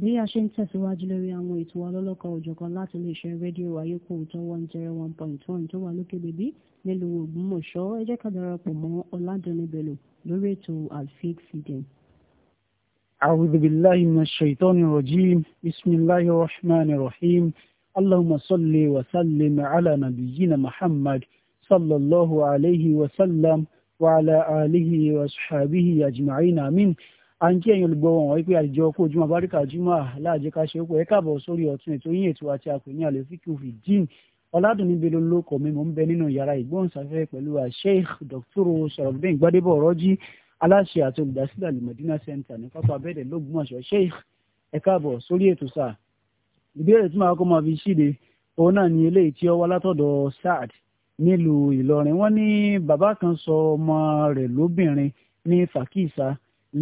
bí a ṣe ń tẹ̀síwájú lórí àwọn ètò ọlọ́lọ́kọ̀ òjọ̀kan láti iléeṣẹ́ rédíò ayékò tó one zero one point one tó wà lókè bèbí nílùú Ògbómọ̀ṣọ́ ẹ jẹ́ ká darapọ̀ mọ́ Ọládùnní Bello lórí ètò alfik fìdín. أعوذ بالله من الشيطان الرجيم بسم الله الرحمن الرحيم اللهم صل وسلم على نبينا محمد صلى الله عليه وسلم وعلى آله وصحبه أجمعين آمين à ń kí ẹ̀yin olùgbọ́wọ́ wọn wípé àjọ kó ojúmọ́ abáríkà jùmọ̀ láàjẹ ká ṣe é pọ̀ ẹ káàbọ̀ sórí ọ̀tún ètò yín ètò àti àpè ní àlè fíkì òfin dín ọ̀làdùnní belo lóko mi mò ń bẹ nínú yàrá ìgbóhùnsáfẹ́fẹ́ pẹ̀lú Sheikh Dr. sọ̀rọ̀dẹ́n gbadebo ọ̀rọ́jì aláṣẹ àti olùdásílẹ̀ alimọ̀dínà center ní pápá abẹ́ẹ̀dẹ̀ lógúnmọ̀ṣọ́ Sheikh ẹ káàbọ̀ sórí ètò sáà ìbéèrè tí ni eléyìí tí ó wá látọ̀dọ̀ Saad nílùú Ìlọrin wọ́n ní bàbá kan sọ ọmọ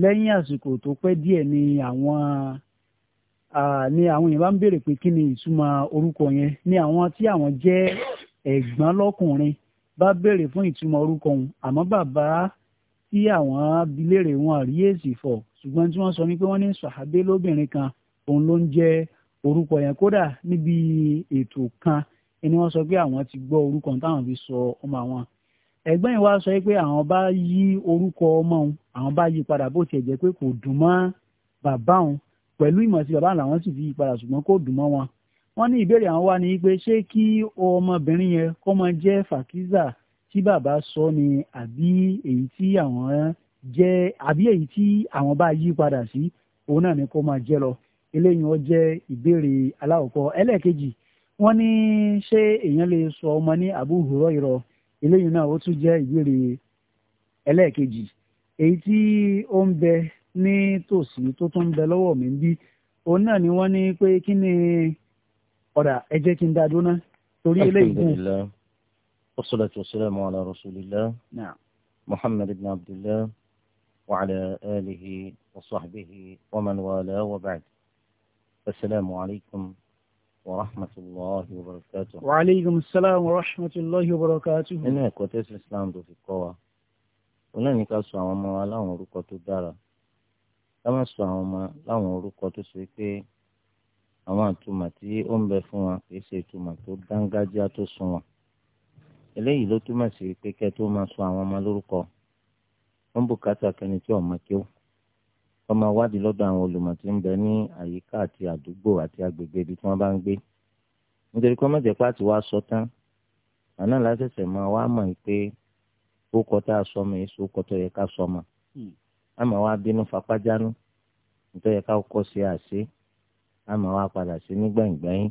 lẹ́yìn àsìkò tó pẹ́ díẹ̀ ni àwọn ni àwọn yẹn bá ń béèrè pé kí ni ìtumọ̀ orúkọ yẹn ni àwọn tí àwọn jẹ́ ẹ̀gbọ́n lọ́kùnrin bá béèrè fún ìtumọ̀ orúkọ òun àmọ́ bàbá tí àwọn abiléèrè wọn rí èsì fọ̀ ṣùgbọ́n tí wọ́n sọ ni pé wọ́n ní sàhábé lóbìnrin kan òun ló ń jẹ́ orúkọ yẹn kódà níbi ètò kan ni wọ́n sọ pé àwọn ti gbọ́ orúkọ táwọn fi sọ ọmọ àwọn ẹ̀gbọ́n yìí wá sọ pé àwọn bá yí orúkọ ọmọ òun àwọn bá yí padà bó tiẹ̀ jẹ́ pé kò dùn mọ́ bàbá òun pẹ̀lú ìmọ̀ sí bàbá làwọn sì fi yí padà ṣùgbọ́n kò dùn mọ́ wọn. wọ́n ní ìbéèrè àwọn wá ní pé ṣé kí ọmọbìnrin yẹn kọ́ mọ jẹ́ fàkízà tí bàbá sọ ni àbí èyí tí àwọn jẹ́ àbí èyí tí àwọn bá yí padà sí òun náà ni kó máa jẹ́ lọ eléyìí wọ́n jẹ́ ìbéèrè aláwọ̀kọ́ ẹlẹ́ẹ̀kejì wọ́n ní ṣé èèyàn lè sọ ọmọ ní Abu Hurairah eléyìí náà ó tún jẹ́ ìbéèrè ẹlẹ́ẹ̀kejì èyí tí ó ń bẹ ní tòsí tó tún ń bẹ lọ́wọ́ mi ń bí òun náà ni wọ́n ní pé kí ni ọ̀dà ẹ kí n dá dúná torí eléyìí gùn. alhamdulilayi wasalaatu wasalaamu ala rasulillah muhammad ibn abdullah wa ala alihi wa sahbihi wa man wala wa baad. asalaamu alaykum. ورحمة الله وبركاته وعليكم السلام ورحمة الله nínú ẹ̀kọ́ tẹ́sí islam tó fi kọ́ wa òun náà ní ká sọ àwọn ọmọ wa láwọn orúkọ tó dára ká má sọ àwọn ọmọ láwọn orúkọ tó ṣe pé àwọn àtúmọ̀ tí ó ń bẹ fún wa kì ṣe ìtumọ̀ tó dángájá tó sun wọn eléyìí ló túmọ̀ sí pé kẹ́ tó máa sọ àwọn ọmọ lórúkọ bùkátà tí ọmọ kéwù ọmọ wádìí lọ́dọ̀ àwọn olùmọ̀ tí ń bẹ ní àyíká àti àdúgbò àti agbègbè ibi tí wọ́n bá ń gbé nítorí kọ́ mọ̀jẹ̀ pàtì wá sọ tán àná lásẹ̀sẹ̀ máa wá mọ̀ pé ó kọ́ tá a sọ mọ̀ èso kọ́ tó yẹ ká sọ mọ̀ àmọ́ hmm. wá bínú fapájánú nítorí yẹ ká kọ́ sí àṣẹ àmọ́ wá padà sí nígbẹ̀yìngbẹ̀yìn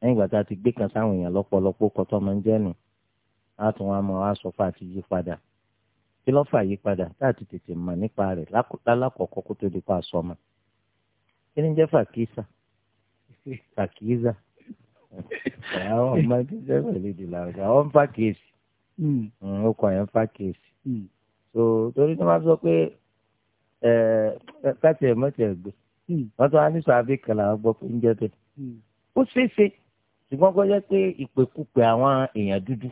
lẹ́yìn ìgbà tá a ti gbé kan sáwọn èèyàn lọ́pọ̀lọpọ̀ kọ́ tó ń jẹ́nu á tún wá mọ̀ sọ fún àti padà kí ló fà yí padà láti tètè mọ̀ nípa rẹ̀ lálákọ̀ọ́kọ́ kó tó di pa aṣọ ọmọ kí ni jẹ́ fàkísà fàkísà àwọn ọmọ tí jẹ́ pẹ̀lú ìdìlà ọ̀gá àwọn ń fàkíyèsí hmm. Hmm, ó kọ̀ yẹn ń fàkíyèsí hmm. so torí tí wọ́n sọ pé káàtì ẹ̀mọ́tì ẹ̀gbẹ́ wọ́n tún wá ní sàbí kan làwọn gbọ́ pé ń jẹ́ bẹ́ẹ̀ ó ṣeé ṣe ṣùgbọ́n kó pé ìpèkúpè àwọn èèyàn dúdú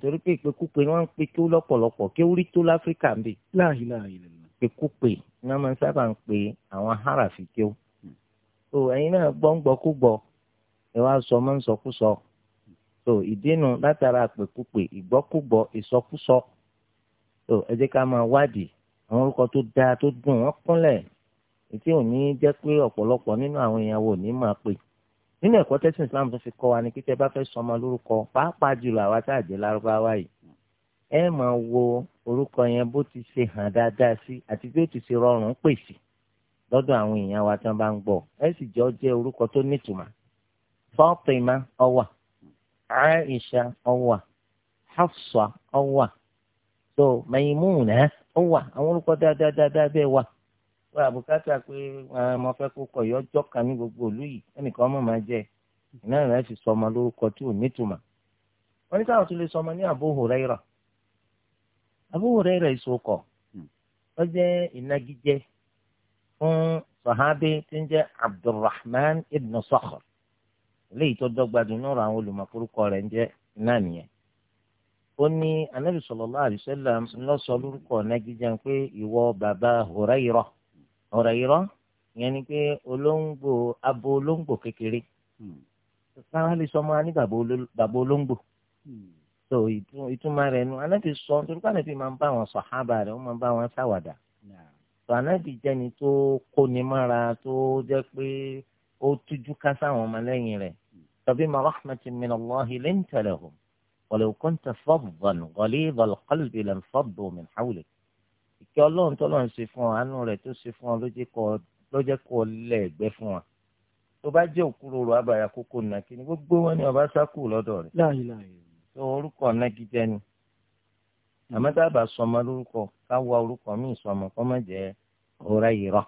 torí pé ìpèkúpè wọn ń pe kí ó lọ́pọ̀lọpọ̀ kí ó rí tó láfíríkà ń bì. ìpèkúpè ni wọn máa ń sábà ń pe àwọn harafi kí ó. Hmm. so ẹ̀yin náà gbọ́ ń gbọ́ kú gbọ́ ẹ wá sọ mọ́ ń sọkúsọ. so ìdínú látara ìpèkúpè ìgbọ́kúgbọ́ ìsọkúsọ. so ẹ jẹ́ ká máa wádìí àwọn orúkọ tó dáa tó dùn wọ́n kúnlẹ̀ ètí ò ní jẹ́ pé ọ̀pọ̀lọpọ̀ nínú àwọn ìyàwó ò ní máa pè é nínú ẹ̀kọ́ tẹ́sán islam tó fi kọ́ wa ni kíkẹ́ bá fẹ́ sọmọ lórúkọ pàápàá jùlọ àwa tá à jẹ́ lárúbáwá yìí ẹ máa wo orúkọ yẹn bó ti ṣe hàn dáadáa sí àti bí ó ti ṣe rọrùn pè lọ́dọ̀ àwọn èèyàn wa tán bá ń gbọ́ ẹ sì jọ jẹ́ orúkọ tó nítumọ̀ Fatima ọwà Aisha ọwà Hafsa ọwà so Maimuna ọwà àwọn orúkọ dáadáa dáadáa bẹ́ẹ̀ wà pé àbùkátà pé mo fẹ́ kó kọ̀ yọ ọjọ́ kan ní gbogbo òlú yìí ẹnìkan ọmọ máa jẹ iná rẹ̀ sì sọ ọmọ lórúkọ tí ò nítumọ̀ wọ́n ní káwọn tún lè sọ ọmọ ní Abu Hurairah Abu Hurairah ìsokọ̀ hmm. ó jẹ́ ìnagijẹ fún sahabi tí ń jẹ́ Abdulrahman ibn Sakhr léyìí tó dọ́gba dùnú ọ̀rọ̀ àwọn olùmọ̀kúrúkọ rẹ̀ ń jẹ́ iná ó ní anabi sallallahu alaihi wasallam ńlọsọ lórúkọ nagijẹ pé ìwọ bàbá Hurairah ọ̀rọ̀ irọ́ ìyẹn ni pé olóńgbò abo olóńgbò kékeré káwá hmm. lè sọ ọmọ wa ní bàbá olóńgbò hmm. so ìtumọ̀ rẹ̀ nu anábì sọ nítorí pé anábì máa ń bá àwọn sàhábà rẹ̀ ó máa ń bá àwọn ṣàwàdà so anábì jẹ́ni tó kóni mára tó jẹ́ pé ó tújú ká sáwọn ọmọlẹ́yìn rẹ̀ tàbí hmm. ma rahmatin min allahi linta lahum wa law kunta faddan ghalidha alqalbi lanfaddu min hawlik ìkẹ́ ọlọ́run tọ́lọ́ ń ṣe fún ọ àánú rẹ̀ tó ṣe fún ọ lọ́jẹ́ kọ́ lẹ́ẹ̀gbẹ́ fún wa tó bá jẹ́ òkúròrò abàyà kókó nàkí ni gbogbo wọn ni ọba sákù lọ́dọ̀ rẹ̀ tó orúkọ nàgíjẹ́ ni àmọ́ tá a bá sọmọ lórúkọ ká wá orúkọ míì sọmọ kọ́ má jẹ́ ọ̀rẹ́ yìí rọ.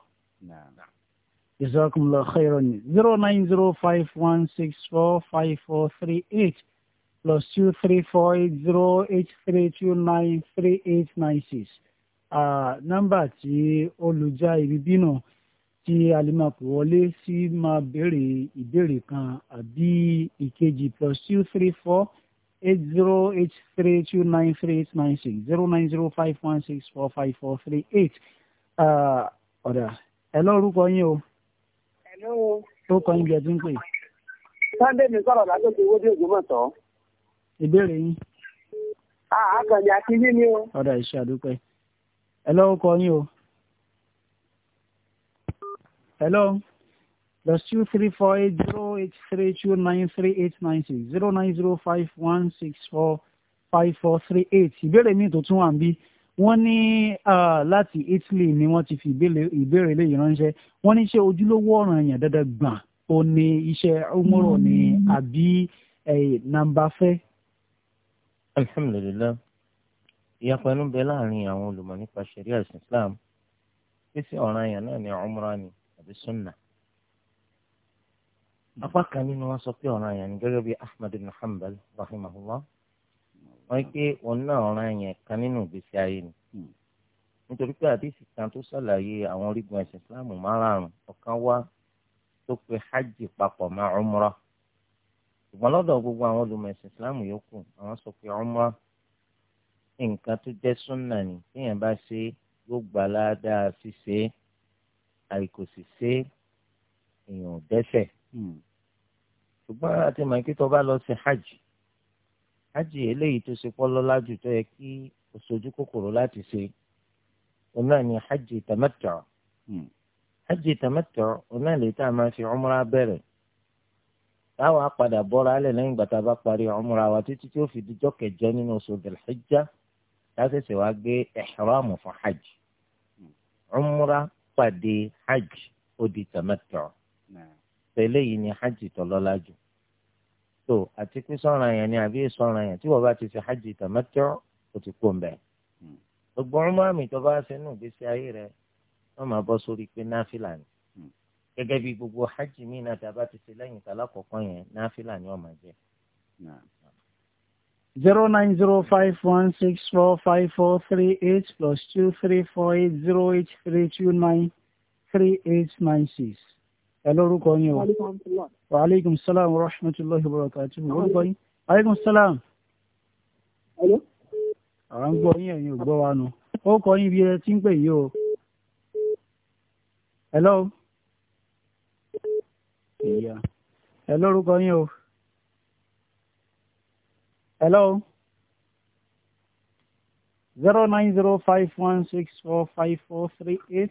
jazakumullahu khairan ni zero nine zero five one six four five four three eight plus two three four eight zero eight three two nine three eight nine six nọ́mbà tí olùjá ibi bínú tí a lè máa pè wọlé sí máa béèrè ìbéèrè kan àbí ìkejì plus two three four eight zero eight three two nine three eight nine six zero nine zero five one six four five four three eight ọ̀dà ẹ lọ́rùkọ yín o. ẹ̀lọ́ o. tó kọ yín bí ẹ ti ń pè. sunday mi sọ̀rọ̀ látòkè owó dé Ògbómọ̀tọ́. ìbéèrè yín. àkànjá ti yí ni o. ọ̀dà ìṣe àdúpẹ́ hello kọ yín o hello plus two three four eight zero eight three two nine three eight nine six zero nine zero five one six four five four three eight ìbéèrè mi tó tún wà ń bí wọ́n ní láti Italy ni wọ́n ti fi ìbéèrè lè ránṣẹ́ wọ́n ní ṣé ojúlówó ọ̀ràn èèyàn dandan gbọ̀n ó ní iṣẹ́ Umoro ní àbí nàmbà fẹ́. alhamdulilayi ìyapa ẹnu bẹ láàrin àwọn olùmọ̀ nípa ṣẹ̀ríà ẹ̀sìn Islam pé sí ọ̀ranyàn náà ní umrah ni àbí sunna apá kan nínú wọn sọ pé ọ̀ranyàn ni gẹ́gẹ́ bí Ahmad ibn Hanbal rahimahullah wọ́n pé òun náà ọ̀ranyàn kan nínú ìgbésí ayé ni nítorí pé àdéhìsì kan tó ṣàlàyé àwọn orígun ẹ̀sìn Islam márààrún ọ̀kan wá tó pe hajj papọ̀ mọ́ umrah ṣùgbọ́n lọ́dọ̀ gbogbo àwọn olùmọ̀ ẹ̀sìn nǹkan tó jẹ́ súnà ni téèyàn bá ṣe yóò gbà ládàá ṣíṣe àìkò sì ṣe èèyàn dẹ́ṣẹ̀. Hmm. ṣùgbọ́n àti màkì tó bá lọ sí hajj hajj eléyìí tó ṣe pọ́lọ́lá jù tó yẹ kí o ṣojú kòkòrò láti ṣe òun náà ni hajj tamattu hmm. hajj tamattu òun náà lè tá a máa fi umra bẹ̀rẹ̀ táwa padà bọ́ra alẹ́ lẹ́yìn gbàtà bá parí umra wa títí tí ó fi dijọ́ kẹjọ nínú oṣù Dhul lásìsì wá gbé ihramu fún hajj umra pàdé hajj ó di tamattu tẹ́lẹ̀ yìí ni hajj tó lọ́lá jù tó àti pé sọ́ra yẹn ni àbí sọ́ra yẹn tí wọ́n bá ti ṣe hajj tamattu ó ti kó mbẹ́ hmm. gbogbo umra mi tó bá ṣe nù gbèsè ayé rẹ wọ́n máa bọ́ sórí pé náfìlà ni hmm. gẹ́gẹ́ bí gbogbo hajj mi náà tá a bá ti ṣe lẹ́yìn tá a yẹn náfìlà ni wọ́n máa jẹ́ zero nine zero five one six four five four three eight plus two three four eight zero eight three two nine three eight nine six. Hello, lórúkọ yín o. wa aleykum salaam wa rahmatulahi wa barakatuh. orúkọ yín. aleykum salaam. à ń gbọ́ yín ẹ̀yin ò gbọ́ wa nù. ó kọ yín bí ẹ ti ń pè yín o. hello. ẹ lórúkọ yín o hello zero nine zero five one six four five four three eight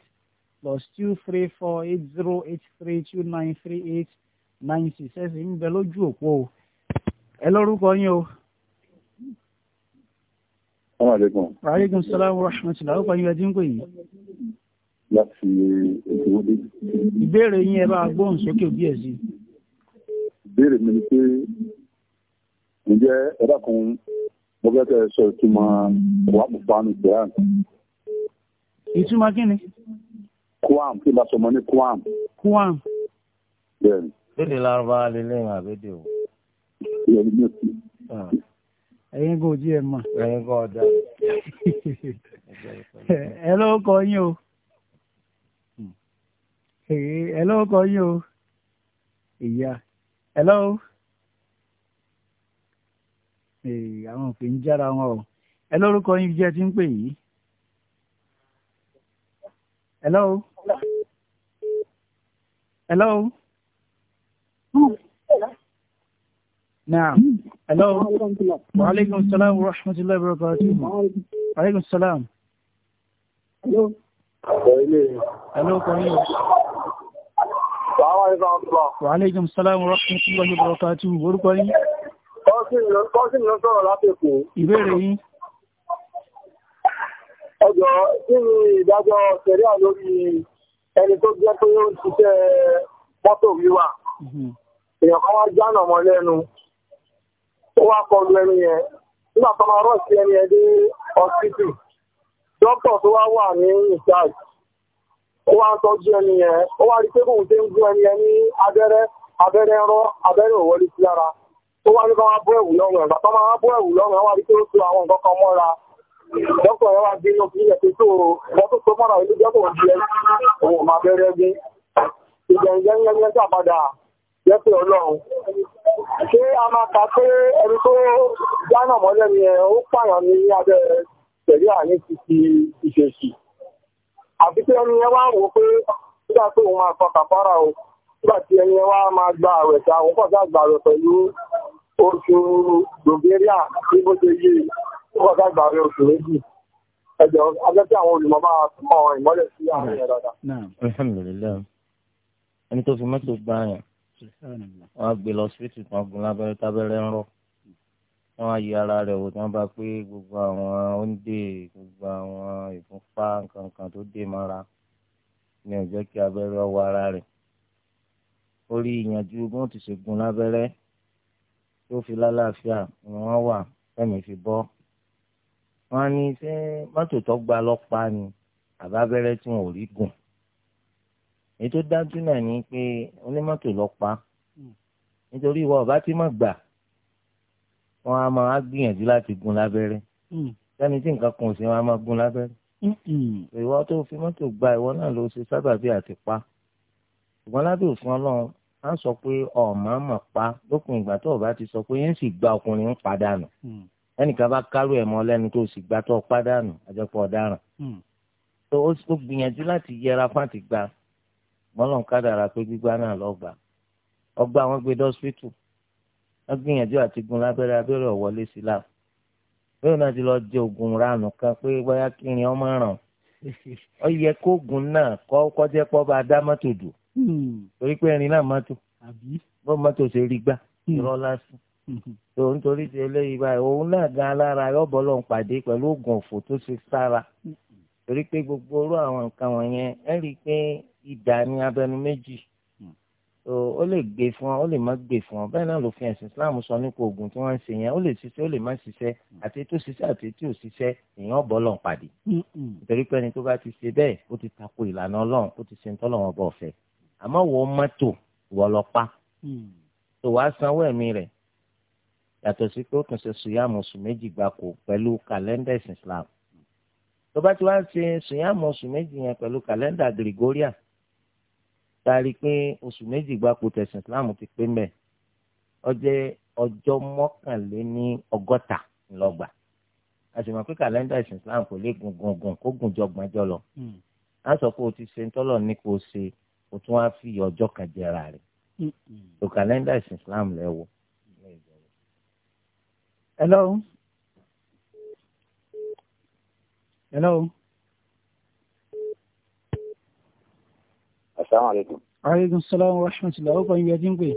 plus two three four eight zero eight three two nine three eight nine six ẹ sì ń bẹ lójú òpó o ẹ lórúkọ yín o. Aleykum. Aleykum salaam wa rahmatulah. Ó kọ́ni ẹdín kò yìí. Láti Èkìwọ́dé. Ìbéèrè yín ẹ bá gbóhùn sókè bí ẹ̀ sí. Ìbéèrè mi ni pé ǹjẹ́ ẹ dákun mo fẹ́ kẹ́ ẹ sọ ìtumọ̀ wàmùfánù quran. ìtumọ̀ kí ni. quam kí n bá sọmọ ní quam. quam. bẹ́ẹ̀ni. lédè lárúbáwá lélẹ́ ìwọ̀n àbẹ́dẹ̀ o. Ah. ẹ̀yin kò jí ẹ mọ̀. ẹ̀yin kò ọ̀dà. ẹ ló kọ yín o. Hmm. ẹ ló kọ yín o. ìyá ẹ lọ́wọ́ àwọn òkè ń jára wọn o ẹ lórúkọ yín jẹ́ tí ń pè yìí. hello. hello. naam hello. wa aleykum salaam wa rahmatulahi wa barakatuh. wa salaam. hello. ọ̀pọ̀ ilé yìí. hello kọ́ni. Wa aleykum salaam wa rahmatulahi wa barakatuh. Orúkọ yín. Kọ́sìn ló sọ̀rọ̀ látẹ̀kù. Ìbéèrè yín. Ọjọ́ kí ni ìdájọ́ sẹ̀ríà lórí ẹni tó jẹ́ pé ó ń ṣiṣẹ́ mọ́tò wíwà. Mhm. Èèyàn kan wá jánà mọ́ lẹ́nu. Ó wá kọlu ẹni yẹn. Nígbà tó máa rọ̀ sí ẹni yẹn dé ọsítì. Dókítà tó wá wà ní ìsáàjì. Ó wá ń tọ́jú ẹni yẹn. Ó wá rí tó wá ní kọ́ wá bọ́ ẹ̀wù lọ́rùn ẹ̀gbà tó máa wá bọ́ ẹ̀wù lọ́rùn ẹ̀wà wípé ó tó àwọn nǹkan kan mọ́ra dókítà ẹ̀rọ wa gbé yóò ilẹ̀ tó o wọ́n tó tó mọ́ra ilé jẹ́ òun máa bẹ̀rẹ̀ gún ìgbẹ̀ǹgẹ̀ ń yẹn sàpadà jẹ́ pé ọlọ́run ṣé a máa kà pé ẹni tó dáná mọ́lẹ̀ ni ẹ ó pààyàn ní abẹ́ tẹ̀lé àní ti fi ìṣèṣì àti pé ẹni yẹn wò pé nígbà tó òun máa kọ kàfárà o nígbà tí ẹni yẹn máa gba àwẹ̀ òun pọ̀ sí àgbà rẹ̀ pẹ̀lú oṣù Bulgaria ní bó ṣe yí ọgbà gbàrẹ oṣù méjì ẹjọ́ agbẹ́sí àwọn olùmọ̀ máa tọ́ ìmọ́lẹ̀ sí àwọn ẹ̀rọ dáadáa. alhamdulilayi ẹni tó fi mọ́tò gbá yẹn wọ́n á gbé lọ síbítì kan gun lábẹ́rẹ́ tábẹ́rẹ́ ń rọ̀ wọ́n á yí ara rẹ̀ wò tí wọ́n bá pé gbogbo àwọn oúnjẹ gbogbo àwọn ìfúnpá nǹkan tó dé mọ́ra ní ọjọ́ kí abẹ́rẹ́ ọwọ́ ara rẹ̀ ó ìyànjú bí ti ṣe lábẹ́rẹ́ tí ó fi lálàáfíà ni wọ́n wà fẹ́mi fi bọ́. wọ́n ní ṣé mọ́tò tó gba lọ́pàá ni àbábẹ́rẹ́ tí wọn ò rí gùn. èyí tó dájú náà ni pé onímọ́tò lọ́pàá hmm. nítorí ìwọ ọba tí mọ̀ gbà wọ́n á máa gbìyànjú láti gún lábẹ́rẹ́ sẹ́ni hmm. tí nǹkan kan ò sí wọn á máa gún lábẹ́rẹ́. Hmm. ìwọ tó fi mọ́tò gba ìwọ náà ló ṣe sábàbí àti pa ṣùgbọ́n lábẹ́ òfin ọlọ́run a sọ pé ọ̀mọ́ mọ̀ pa lópin ìgbà tó o bá ti sọ pé yẹn sì gba ọkùnrin ń padànù hmm. ẹnìkan bá kárò ẹ̀ mọ́ lẹ́nu tó o sì gbà tó o padànù àjẹpọ̀ ọ̀daràn hmm. tó o gbìyànjú láti yẹra fún àti gba mọ́lọ́n kádàrà pé gbígbá náà lọ́ọ́ gbà ọgbà wọn gbé dọ́sítù wọn gbìyànjú àti gun lábẹ́rẹ́ abẹ́rẹ́ ọ̀wọ́lé sí la bẹ́ẹ̀ náà ti lọ jẹ oògùn ránù kan pé bóyá kírin ọmọ ràn ọ yẹ kóògùn náà kọ́ kọ́jẹ́ torí pé ẹni náà mọ́tò bó mọ́tò ṣe rí gbà irọ́ lásán tó hmm. nítorí ti eléyìí báyìí òun náà gan alára yọ̀bọ̀ lọ́n pàdé pẹ̀lú oògùn òfò tó ṣe sára hmm. torí pé gbogbo orú àwọn nǹkan wọ̀nyẹn ẹ rí i pé ìdá ní abẹnú méjì hmm. ó lè gbé fún ọ ó lè má gbé fún ọ bẹ́ẹ̀ náà lòfin ẹ̀sìn Islam sọ nípa oògùn tí wọ́n ń ṣe yẹn ó lè ṣiṣẹ́ ó lè má ṣiṣẹ́ àti tó ṣiṣẹ́ àti tí ò ṣiṣẹ́ èèyàn bọ́ lọ́n pàdé nítorí tó bá ti ṣe bẹ́ẹ̀ ó ti tako ìlànà Ọlọ́run ó ti ṣe ń tọ́lọ́wọ́n bọ̀ fẹ́ àmọ́ wọ́n mọ́tò wọ́n lọ pa tó hmm. wàá sanwó ẹ̀mí rẹ̀ yàtọ̀ sí pé ó tún ṣe sùyàmù oṣù méjì gbáko pẹ̀lú kàlẹ́ndà Islam tó bá ti wá ń ṣe sùyàmù oṣù méjì yẹn pẹ̀lú kàlẹ́ndà Gregorian tari pé oṣù méjì gbáko tẹ̀sìn Islam ti pé mẹ́ ọ jẹ́ ọjọ́ mọ́kànléní ọgọ́ta ńlọgbà a sì mọ̀ pé kàlẹ́ndà Islam kò lè gùn gùn gùn kó gùn jọ gbọ́njọ́ lọ. Hmm. a sọ pé o ti ṣe ń tọ́lọ̀ ní kò ṣe o tún wá fi ọjọ́ kan jẹra rẹ̀ tó kàlẹ́ndà ìsìn Islam lẹ wò. hello hello. asalaamualeykum. aleykum salaam wa rahmatulah ó kàn yín bí ẹ ti ń pè.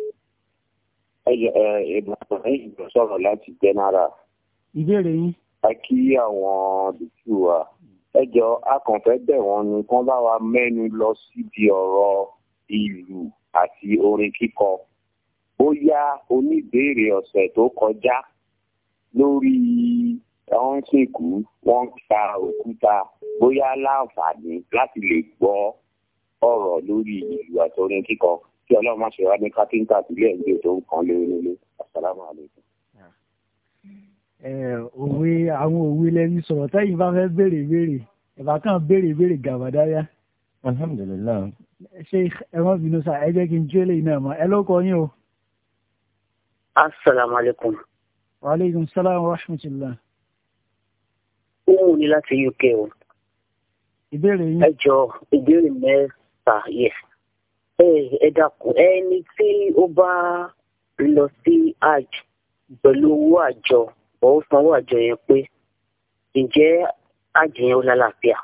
ẹ jẹ ẹ ìmọ̀ràn yìí sọ̀rọ̀ láti jẹ́ náírà. ìbéèrè yín. a kí àwọn dùkú wa ẹjọ́ akànfẹ́ bẹ̀ wọ́n ni kán bá wa mẹ́nu lọ síbi ọ̀rọ̀ ìlú àti orin kíkọ bóyá oníbèrè ọ̀sẹ̀ tó kọjá lórí wọ́n ń sìnkú wọ́n ń ta òkúta bóyá láǹfààní láti lè gbọ́ ọ̀rọ̀ lórí ìlú àti orin kíkọ kí ọlọ́run má ṣe wá ní kápẹ́ńtà sílẹ̀ ń gbé tó ń kan lé onílé asalaamualeykum. Eh, òwe àwọn òwe lẹ́ni sọ̀rọ̀ tẹ́yìn bá fẹ́ béèrè béèrè ẹ̀bá kan béèrè béèrè gàbàdáyà. alhamdulilayi. ṣé ẹ̀wọ̀n bínú sa ẹ jẹ́ kí n jẹ́lẹ̀ iná mọ́ ẹ lóko yín o. asalaamualeykum. waaleykum salaam wa rahmatulah. ohun ni láti uk o. ìbéèrè yín. ẹ jọ ìbéèrè mẹ́ta yes. ẹ dákun ẹni tí ó bá lọ sí hajj pẹ̀lú owó àjọ ọ̀ ń sanwó àjọ yẹn pé ǹjẹ́ àjẹyàn ó lálàáfíà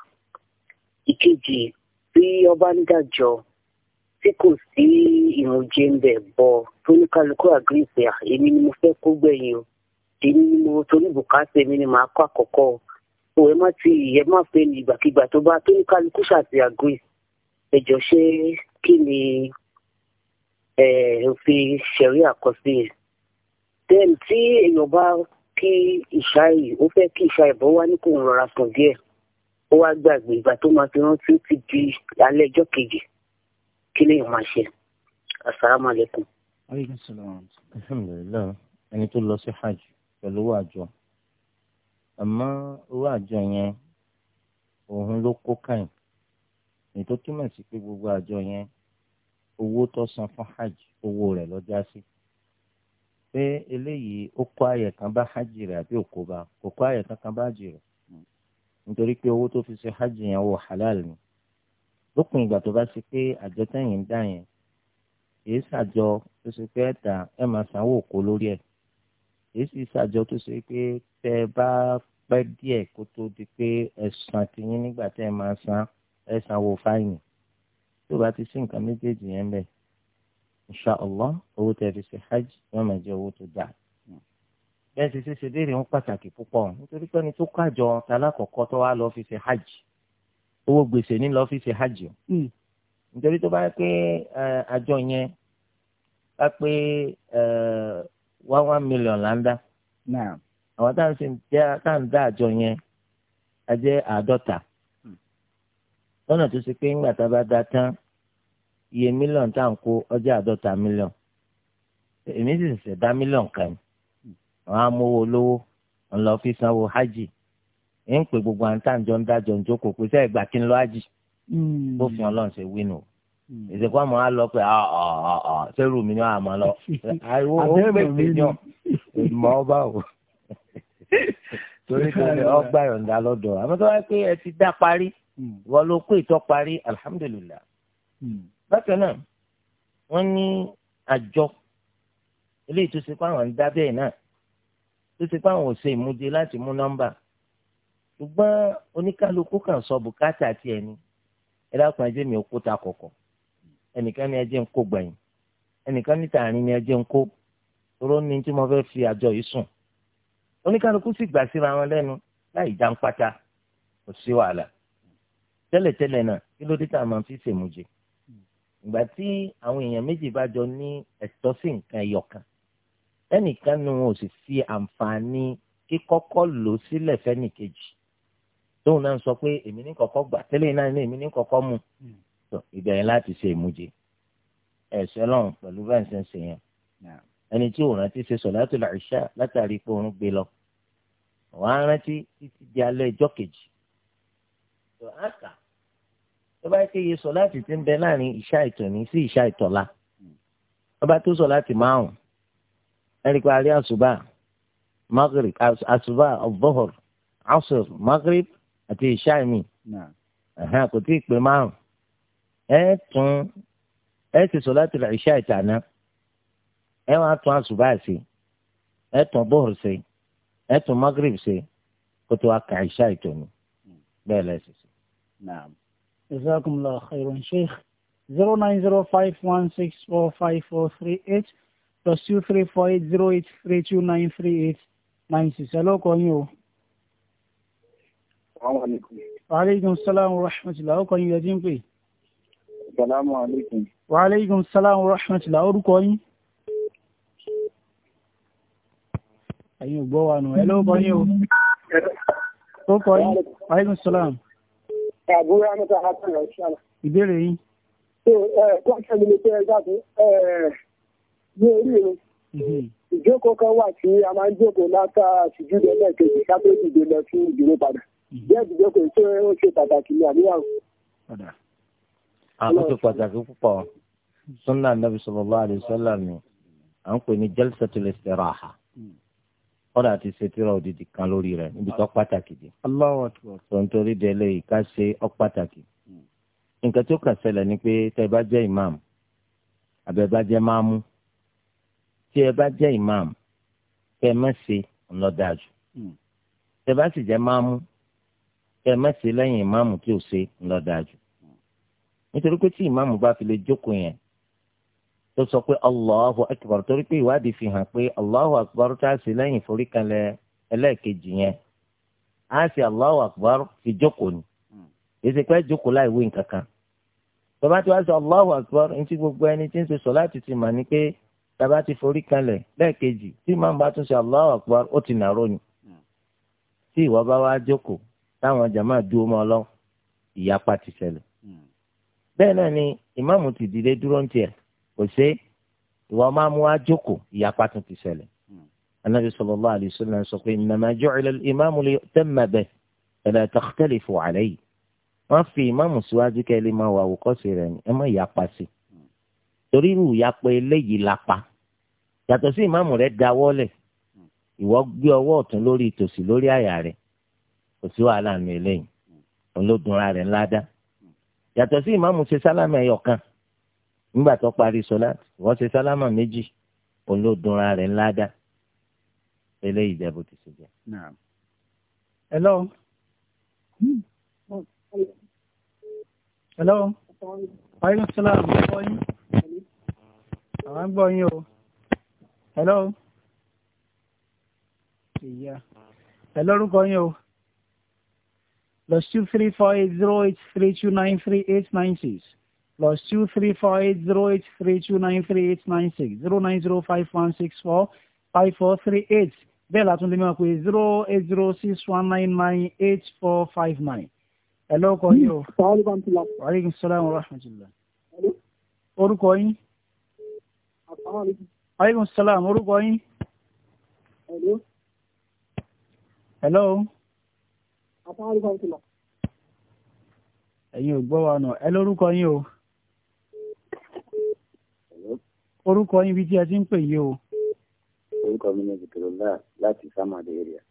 ìkejì tí ọba ń dájọ́ tí kò sí ìmùjẹ ń bẹ bọ tó ní kálukú àgírí èmi ni mo fẹ́ kó gbẹ̀yìn o èmi ni mo torí bùkátà èmi ni màá kó àkọ́kọ́ o o ẹ má ti ẹ má fẹ́ ní ìgbàkigbà tó bá tó ní kálukú ṣàti àgírí ẹjọ ṣé kí ni òfin ṣẹ̀rí àkọsí yẹn. tí èèyàn bá kí ìṣáì ó fẹ́ kí ìṣáì bọ́ wá ní kò ń rọra sùn díẹ̀ ó wá gbàgbé ìgbà tó máa fi rántí ó ti di alẹ́ ọjọ́ kejì kí lèèyàn máa ṣe asalaamualeykum. alhamdulilayi ẹni tó lọ sí hajj pẹ̀lú owó àjọ àmọ́ owó àjọ yẹn òun ló kó káyìn èyí tó túmọ̀ sí pé gbogbo àjọ yẹn owó tó san fún hajj owó rẹ̀ lọ́jà sí. Si pé eléyìí ó kó ààyè kan bá hajj rẹ̀ àbí òkú bá kò kó ààyè kankan bá hajj rẹ̀ nítorí pé owó tó fi ṣe hajj yẹn wọ halal ni lópin ìgbà tó bá ṣe pé àjọ tẹ̀yìn ń dá yẹn èyí ṣàjọ tó ṣe pé ẹ̀ta ẹ̀ máa sanwó òkú lórí ẹ̀ èyí sì ṣàjọ tó ṣe pé tẹ́ bá pẹ́ díẹ̀ kó tó di pé ẹ̀sùn àtìyín nígbà tẹ́ máa san ẹ̀ sanwó fáìnì tó bá ti sí nǹkan méjèèjì yẹn bẹ́ẹ̀ insha allah owó tẹ́ fi ṣe hajj yóò máa jẹ́ owó tó dáa bẹ́ẹ̀ sì ṣe ṣe déèrè ń pàtàkì púpọ̀ nítorí pé ẹni tó kájọ talákọ̀ọ́kọ́ tó wá lọ fi ṣe hajj owó gbèsè ní lọ fi ṣe hajj o hmm. nítorí tó bá yẹ pé àjọ yẹn bá pé one one million là ń dá àwọn tá à ń dá àjọ yẹn á jẹ́ àádọ́ta hmm. lọ́nà tó ṣe pé ńgbà tá a bá dá tán iye mílíọ̀nù tá à ń kó ọjà àádọ́ta mílíọ̀nù èmi sì ṣẹ̀dá mílíọ̀nù kan àwọn amówó olówó ńlọ fi sanwó hajj ń pè gbogbo àǹtàǹjọ ń dájọ ń jókòó pé sẹ́ẹ̀ gbà kí ń lọ hajj hmm. bófin ọlọ́run ṣe wí nù hmm. ìsìnkú àmọ́ á lọ pé ọ̀ ọ̀ ọ̀ sẹ́rù mi ni wọ́n á máa lọ ariwo ó pè pé yàn mọ́ ọ bá wò torí pé ọgbà yọ̀ǹda lọ́dọ̀ àmọ́ tó wáyé pé ẹ ti dá parí hmm. wọ́n ló kó ìtọ́ parí alihamudulilayi bákan náà wọ́n ní àjọ eléyìí tó ṣe pé àwọn ń dá bẹ́ẹ̀ náà tó ṣe pé àwọn ò ṣe ìmúdé láti mú nọ́mbà ṣùgbọ́n oníkálukú kan sọ bùkátà tiẹ̀ ni ẹ dákun ẹ jẹ́ mi òkúta kọ̀kọ̀ ẹnìkan ni ẹ jẹ́ ń kó gbẹ̀yìn ẹnìkan ní tààrin ni ẹ jẹ́ ń kó toró ní tí mo fẹ́ fi àjọ yìí sùn oníkálukú sì gbà síra wọn lẹ́nu láì já kò sí wàhálà tẹ́lẹ̀tẹ́lẹ̀ náà kí tá a máa fi ṣèmúje ìgbà tí àwọn èèyàn méjì bá jọ ní ẹ̀tọ́ sí nǹkan ẹyọkan ẹnìkan ni wọn ò sì fi àǹfààní kíkọ́kọ́ lò sílẹ̀ fẹ́nìkejì tóun náà sọ pé èmi ní kọ́kọ́ gbà tẹ́lẹ̀ náà ní èmi ní kọ́kọ́ mu hmm. ìgbà yẹn láti ṣe ìmúje ẹ̀ṣẹ̀ lọ́run pẹ̀lú bá ń ṣe ń ṣe yẹn ẹni tí òun rántí ṣe sọ̀látul ìṣà látàrí pé òun gbé lọ wọ́n á rántí títí di alẹ́ ọjọ́ kejì tó bá ké iye sọ láti ti ń bẹ láàrin ìṣá ìtọ̀ní sí ìṣá ìtọ̀la tó bá tó sọ láti márùn ẹni pé alẹ́ àṣùbà magrib àṣùbà ọ̀bọ̀hùr asr magrib àti ìṣá mi kò tí ì pé márùn ẹ tún ẹ ti sọ láti ra ìṣá ìtàná ẹ wàá tún àṣùbà sí ẹ tún bọ́hùr sí ẹ tún magrib sí kó tó wá ka ìṣá ìtọ̀ní hmm. bẹ́ẹ̀ lẹ́sìn sí jazakumullahu khairan sheikh zero nine zero five one six four five four three eight plus two three four eight zero eight three two nine three eight nine six ẹ lọ́kọ̀ yín o. waaleykum salaam wa rahmatulah ọkọ yín yẹtí ń pè. salaamu aleykum. waaleykum salaam wa rahmatulah orúkọ yín. ẹ̀yin ò gbọ́ wa nù ẹ lọ́kọ̀ yín o. orúkọ yín waaleykum salaam. àbúrò amẹ́ta alákọ̀ọ́yọ̀ ìṣàlá. ìbéèrè yín. so pàṣẹ uh, mi ni pé ẹ jáde uh, ní orí mi mhm. ìjókòó kan wà tí a máa ń jókòó látà ṣíjú lẹ́lẹ́kejì kápẹ́ ìdè lọ sí ìdúró padà bẹ́ẹ̀ mhm. ìjókòó tí ó ṣe pàtàkì ní àníyàn. Ah, pàtàkì púpọ̀ sunna à ń pè ní kọ́dà ti ṣe tíra òdìdí kan lórí rẹ̀ níbi tó pàtàkì dé. sọ nítorí délé yìí ká ṣe ọ́ pàtàkì. Hmm. nǹkan tó kàn ṣẹlẹ̀ ni pé tẹ́ ẹ bá jẹ́ imam àbẹ̀ bá jẹ́ máàmú tí ẹ bá jẹ́ imam kẹ́ ẹ má ṣe ńlọ́dájú. Hmm. tẹ́ ẹ bá sì jẹ́ máàmú kẹ́ ẹ má ṣe lẹ́yìn imam tí ò ṣe ńlọ́dájú. Hmm. nítorí pé tí imam bá fi lè jókòó yẹn tó sọ pé allahu akbar torí pé ìwádìí fi hàn pé allahu akbar tá a sì lẹ́yìn ìforíkanlẹ̀ ẹlẹ́ẹ̀kejì yẹn a sì allahu akpọrọ fi jókòó ni èsì pé jókòó láì wí nǹkan kan tọ́ba tí wàá gbogbo ẹni tí ń ṣe sọ láti ti mà ní pé ti lẹ́ẹ̀kejì tí màá bá tún ṣe ó ti kò sí ìwà ọmọ amúwá jókòó ìyapa tún ti ṣẹlẹ̀ anabi hmm. sallallahu alayhi wa sallam sọ pé innama ju'ila al-imamu liyu'tamma bihi fala takhtalifu alayhi wọ́n fi ìmáàmù síwájú kẹ́ lè máa wà àwòkọ́sí rẹ̀ ni ẹ má ìyapa sí i hmm. torí irú ìyapa eléyìí lapa yàtọ̀ sí ìmáàmù rẹ̀ dáwọ́lẹ̀ hmm. ìwọ gbé ọwọ́ ọ̀tún lórí ìtòsí lórí àyà rẹ̀ kò sí wàhálà nù eléyìí olódùnra rẹ̀ ńlá dá yàtọ̀ sí ìmáàmù ṣe sálámà ẹ̀yọ̀ kan nígbà tó parí sọlá wọ́n ṣe sálámà méjì òun ló ńlá dá eléyìí jẹ́ ti ṣe jẹ́. hello. hello. aleykum salaam mo gbọ́ yín. àwọn ń gbọ́ yín o. hello. ìyá ẹ lórúkọ yín o. plus two three four eight zero eight three two nine three eight nine six plus two three five zero eight three two nine three eight nine six zero nine zero five one six four five four three eight bẹ́ẹ̀ la tún lè mọ̀ pé zero eight zero six one nine nine eight four five nine. ẹ lọ́kọ̀ yìí o. aleykum salaam wa rahmatulah. orúkọ yín. aleykum salaam orúkọ yín. hello. ẹ̀yin ò gbọ́ wa nù ẹ lórúkọ yín o. orúkọ yín ibi tí ẹ ti ń pè yìí o. orúkọ mi ni Zikrullah láti Samad area.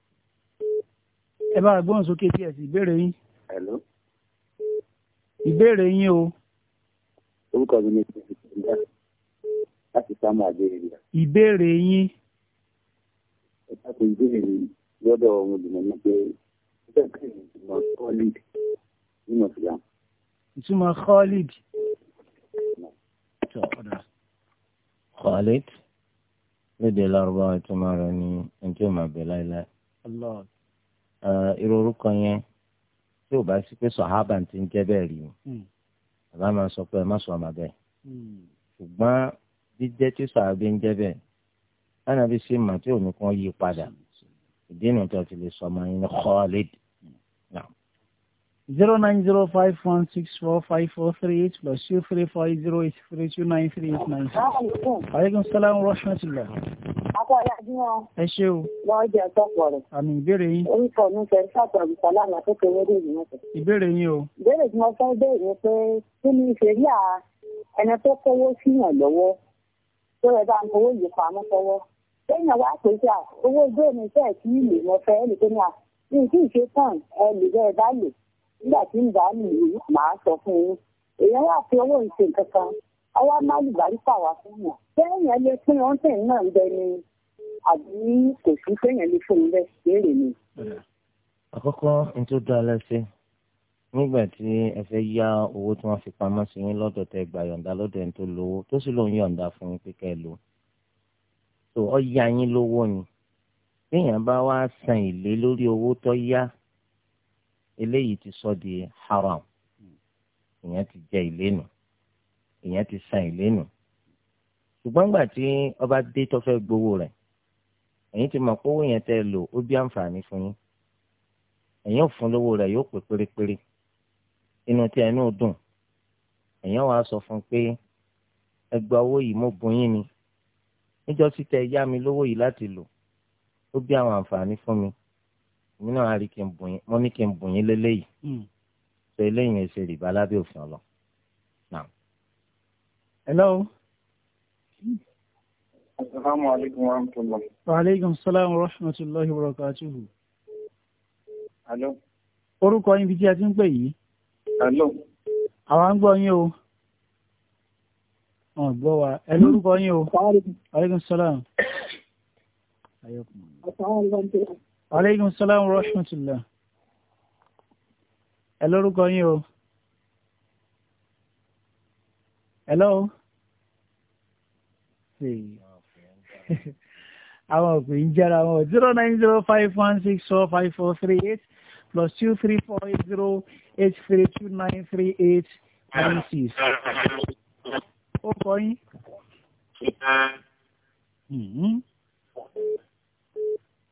ẹ bá gbóhùn sókè bí ẹ sì ìbéèrè yín. hello. ìbéèrè yín o. orúkọ mi ni Zikrullah láti Samad area. ìbéèrè yín. ẹ bá kò ìbéèrè yín lọ́dọ̀ ọ̀hún ìdùnnú ni pé ṣé kí ni ìtumọ̀ Khalid nínú ìfìyà. ìtumọ̀ Khalid. Khalid lédè lárúbáwá ìtumọ̀ rẹ̀ ní ẹni tí ó máa bẹ̀ láéláé. irú orúkọ yẹn tí ò bá sí pé sọ̀hábà ti ń jẹ́ bẹ́ẹ̀ rí o hmm. bàbá máa sọ pé ẹ má sọ ọmọ bẹ́ẹ̀. Hmm. ṣùgbọ́n jíjẹ́ tí sàábí ń jẹ́ bẹ́ẹ̀ lánàá bí sí mà tí òun kan yí padà hmm. ìdí ìnù tó ti lè sọ ọmọ yẹn ní Khalid zero nine zero five one six four five four three eight plus two three four zero eight three two nine three eight nine six. aleykum salaam wa rahmatulah. akọ́lá jùlọ. ẹ ṣé o. lọ́wọ́ jẹ́ tọ́pọ̀ rẹ̀. àmì ìbéèrè yín. orúkọ mi fẹ́ sàtọ̀ àbùsálà àtúntò lórí ìlú mẹ́tẹ̀. ìbéèrè yín o. ìbéèrè tí mo fẹ́ béèrè ni pé kí ni ìṣèlú à ẹni tó kówó síyàn lọ́wọ́ tó rẹ̀ bá ń fowó yìí pamọ́ sọ́wọ́. lẹ́yìn wá pé sà owó gbé mi fẹ́ẹ̀ kí ìlú mo fẹ́ ẹnì nígbà tí ń bá mi yìí màá sọ fún yín èèyàn wà fi owó ìṣe nǹkan kan ọwọ́ máa lù bàríkà wá fún yàn téèyàn lè pín oúnjẹ náà ń bẹ ni àbí kò sí téèyàn lè fún un bẹ́ẹ̀ léèrè ni. àkọ́kọ́ n tó dá lẹ́sẹ̀ nígbà tí ẹ fẹ́ yá owó tí wọ́n fi pamọ́ sí yín lọ́dọ̀ tẹ gbà yọ̀ǹda lọ́dọ̀ ẹni tó lówó tó sì lóun yọ̀ǹda fún yín pé lò tó yá yín lówó ni téèyàn bá wá san èlé lórí owó tó yá eléyìí ti sọ di haram ìyẹn ti jẹ ìlénu ìyẹn ti san ìlénu ṣùgbọ́n gbà tí ọba dé tó fẹ́ gbowó rẹ̀ ẹ̀yin ti mọ̀ pé owó yẹn tẹ́ ẹ lò ó bí àǹfààní fún yín ẹ̀yin ò fún lówó rẹ̀ yóò pè pérépéré inú tí ẹnu dùn ẹ̀yin wàá sọ fún un pé ẹgbẹ́ owó yìí mo bùn yín ni níjọ́ sí tẹ yá mi lówó yìí láti lò ó bí àwọn àǹfààní fún mi èmi náà rí kí n bùn yín mo ní kí n bùn yín léléyìí so hmm. eléyìí ẹ ṣe rìbá lábẹ́ òfin ọlọ. hello. asalaamualeykum wa rahmatulah. wa aleykum salaam wa rahmatulahi wa barakatuhu. alo. orúkọ yín bíi tí a ti ń pè yìí. alo. àwa gbọ́ yín o. wọn gbọ́ wa ẹ lórúkọ yín o. wa salaam. asalaamualeykum aleykum salaam wa rahmatulah. ẹ lórúkọ yín o. hello. àwọn òpè ń jẹ́ra wọn zero nine zero five one six four five four three eight plus two three four eight zero eight three two nine three eight nine six. ó kọ yín.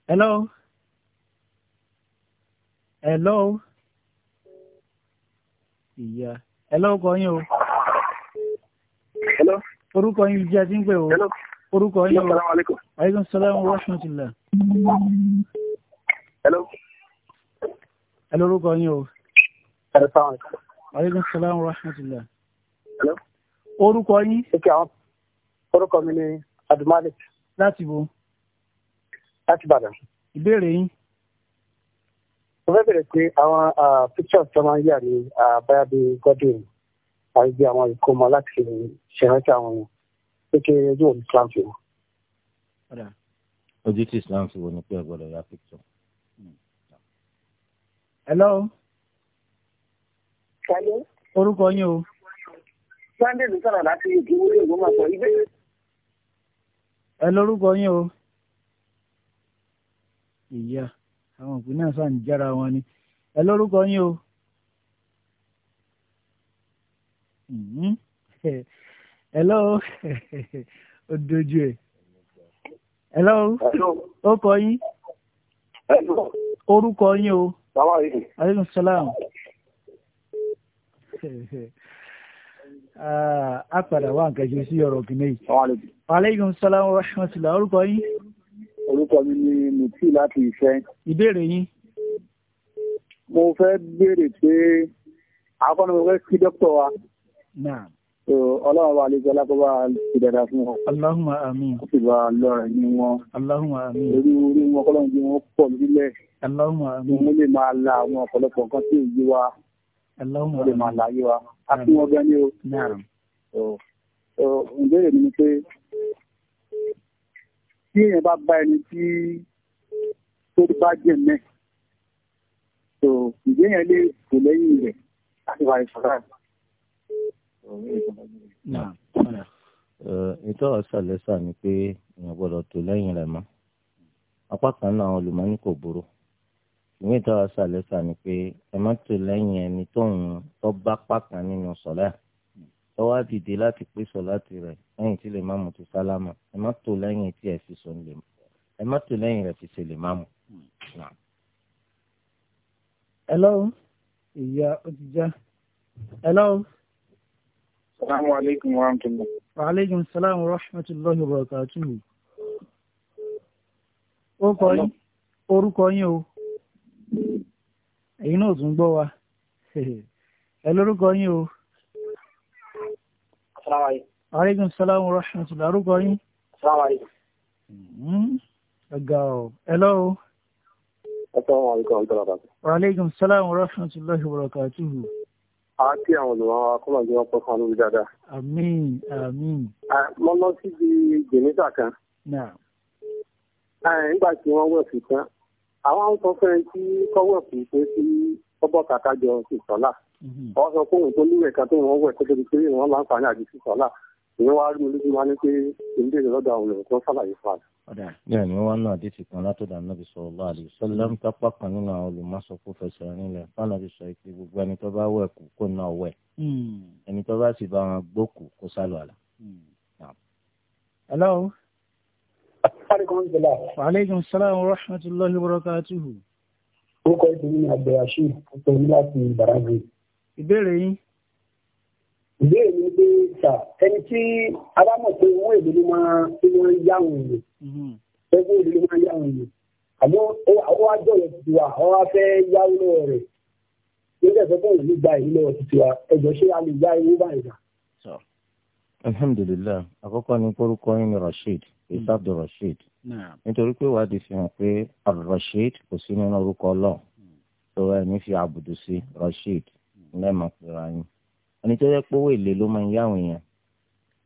hello. Mm-hmm hello ìyá hello kọ yín o. hello. orúkọ yín jẹ́ ti ń pè o. hello. orúkọ yín o. aleykum salaam wa rahmatulah. hello. hello orúkọ yín o. hello salaam aleykum. aleykum salaam wa rahmatulah. hello. orúkọ yín. ok àwọn orúkọ mi ni Abdulmalik. láti bo. láti Ìbàdàn. ìbéèrè yín mo fẹ́ bẹ̀rẹ̀ pé àwọn pictures tó máa ń yà ní abáyábí godwin àìgbé àwọn ìkómọ láti ṣèrántí àwọn èèyàn pé kí ojú òní islam fi wọn. ojú tí islam fi wọ ni pé ẹ gbọ́dọ̀ ya picture. hello. hello. orúkọ yín o. sunday ló sọ̀rọ̀ láti ìdúró ìlú màtọ ibẹ̀. ẹ lórúkọ yín o. ìyá. Yeah àwọn òpin náà sàn jára wọn ni ẹ lórúkọ yín o mm-hmm. hello ó dojú ẹ hello ó kọ yín orúkọ yín o aleykum salaam ah, a padà wá nǹkan sí ọ̀rọ̀ kìnìyí aleykum salaam wa rahmatulah orúkọ yín orúkọ mi ni mutí láti ìfẹ́. ìbéèrè yín. mo fẹ́ béèrè pé àkọ́ni mo fẹ́ kí dókítà wa. ọlọ́run wa alẹ́ sọlá kó bá ti dada fún wọn. Allahumma àmín. ó sì bá lọ́rẹ̀ ní wọn. Allahumma àmín. orí orí wọn kọ́lọ́run bí wọ́n pọ̀ nílẹ̀. Allahumma àmín. mo lè máa la àwọn ọ̀pọ̀lọpọ̀ nǹkan tí èyí wa. Allahumma àmín. mo lè máa la yé wa. a kí wọn gan ni o. ìbéèrè mi ni pé tí èèyàn bá bá ẹni tí tó bá jẹ mẹ tó ìdí yẹn lè kò lẹ́yìn rẹ̀ láti wà ìṣọ̀rọ̀ àgbà. ètò ọ̀sàlẹ́sà ni pé èèyàn gbọ́dọ̀ tó lẹ́yìn rẹ̀ mọ́ apá kan náà àwọn olùmọ́ni kò burú ìwé ìtọ́ ọ̀sàlẹ́sà ni pé ẹ má tó lẹ́yìn ẹni tóun tó bá pàkan nínú sọ̀lẹ́ ó wá dìde láti pé sọ láti rẹ̀ lẹ́yìn tí lè má mú ti sálámà ẹ má tò lẹ́yìn tí ẹ fi sọ lè mú ẹ má tò lẹ́yìn rẹ̀ fi ṣe lè má mú. hello ìyá ó ti hello. salaamu aleykum wa rahmatulah. wa aleykum salaam wa rahmatulah wa barakatuhu. ó kọ́ yín orúkọ yín o èyí náà tún gbọ́ wa ẹ lórúkọ yín o. Assalamu alaikum. Aleykum salaam wa rahmatullahi arúgbó yín. Assalamu alaikum. Ẹ̀gá hmm, ọ̀ hello. Assalamu alaikum ọ̀dọ́ àbàtà. Aleykum salaam wa rahmatullahi wa barakatuhu. A kí àwọn olùwọ́n wa kọ́lọ̀ ní ọ̀pọ̀ kan lórí dáadáa. Àmín àmín. Mo lọ sí di Jèmítà kan. Nígbà tí wọ́n wẹ̀ sí tán, àwọn sọ fẹ́ tí kọ́wọ́ kì í pé sí ọbọ̀ kàkájọ ìsọ̀lá. Mm-hmm. wọ́n sọ fóun tó lúwẹ̀ kan tó wọ́n wẹ̀ kó tóbi pé wọ́n máa ń fà ní àjò sí sọ́lá ìyẹn wàá rí mi lójú wa ní pé ìdílé rẹ̀ lọ́dọ̀ àwọn olùkọ́ sàlàyé fún àná. ọ̀dà bẹ́ẹ̀ ni wọ́n náà dé ti kan látọ̀dọ̀ anábì sọ ọlọ́ àlè sọlá ń kápá kan nínú àwọn olùmọ̀sọ̀kú fẹsẹ̀ nílẹ̀ fáànàbì sọ pé gbogbo ẹni tó bá wẹ̀ kú kó náà wẹ̀ mm-hmm. ẹni tó bá sì bá wọn gbókù kó sálọ àlà. Mm-hmm. hello. aleykum salaam wa rahmatulahi wa barakatuhu. ó kọ́ ìtumí àgbẹ̀ àṣì ìbéèrè yín. ìbéèrè mi pé sà ẹni tí adámọ̀ pé owó èlò ló máa ń wọ́n yá òun lò ẹgbẹ́ mhm. èlò ló máa ń yá òun lò àmọ́ àwọn àjọ rẹ̀ ti wà àwọn afẹ́ yáwó lọ́wọ́ rẹ̀ nígbà tó bọ̀ ní gba ìlú lọ́wọ́ ti wà ẹjọ́ ṣé a lè gba owó báyìí sà. alhamdulilayi àkọ́kọ́ ni kórúkọ yín ni rasheed isa hmm. abdulrasheed nítorí pé ìwádìí fi hàn pé abdulrasheed kò sí nínú orúkọ ọlọ́run tó hmm. ẹni fi àbùdù sí rasheed lẹ́ẹ̀mọ́ pera yín ẹni tó yẹ pé owó èlé ló máa ń yáwọn èèyàn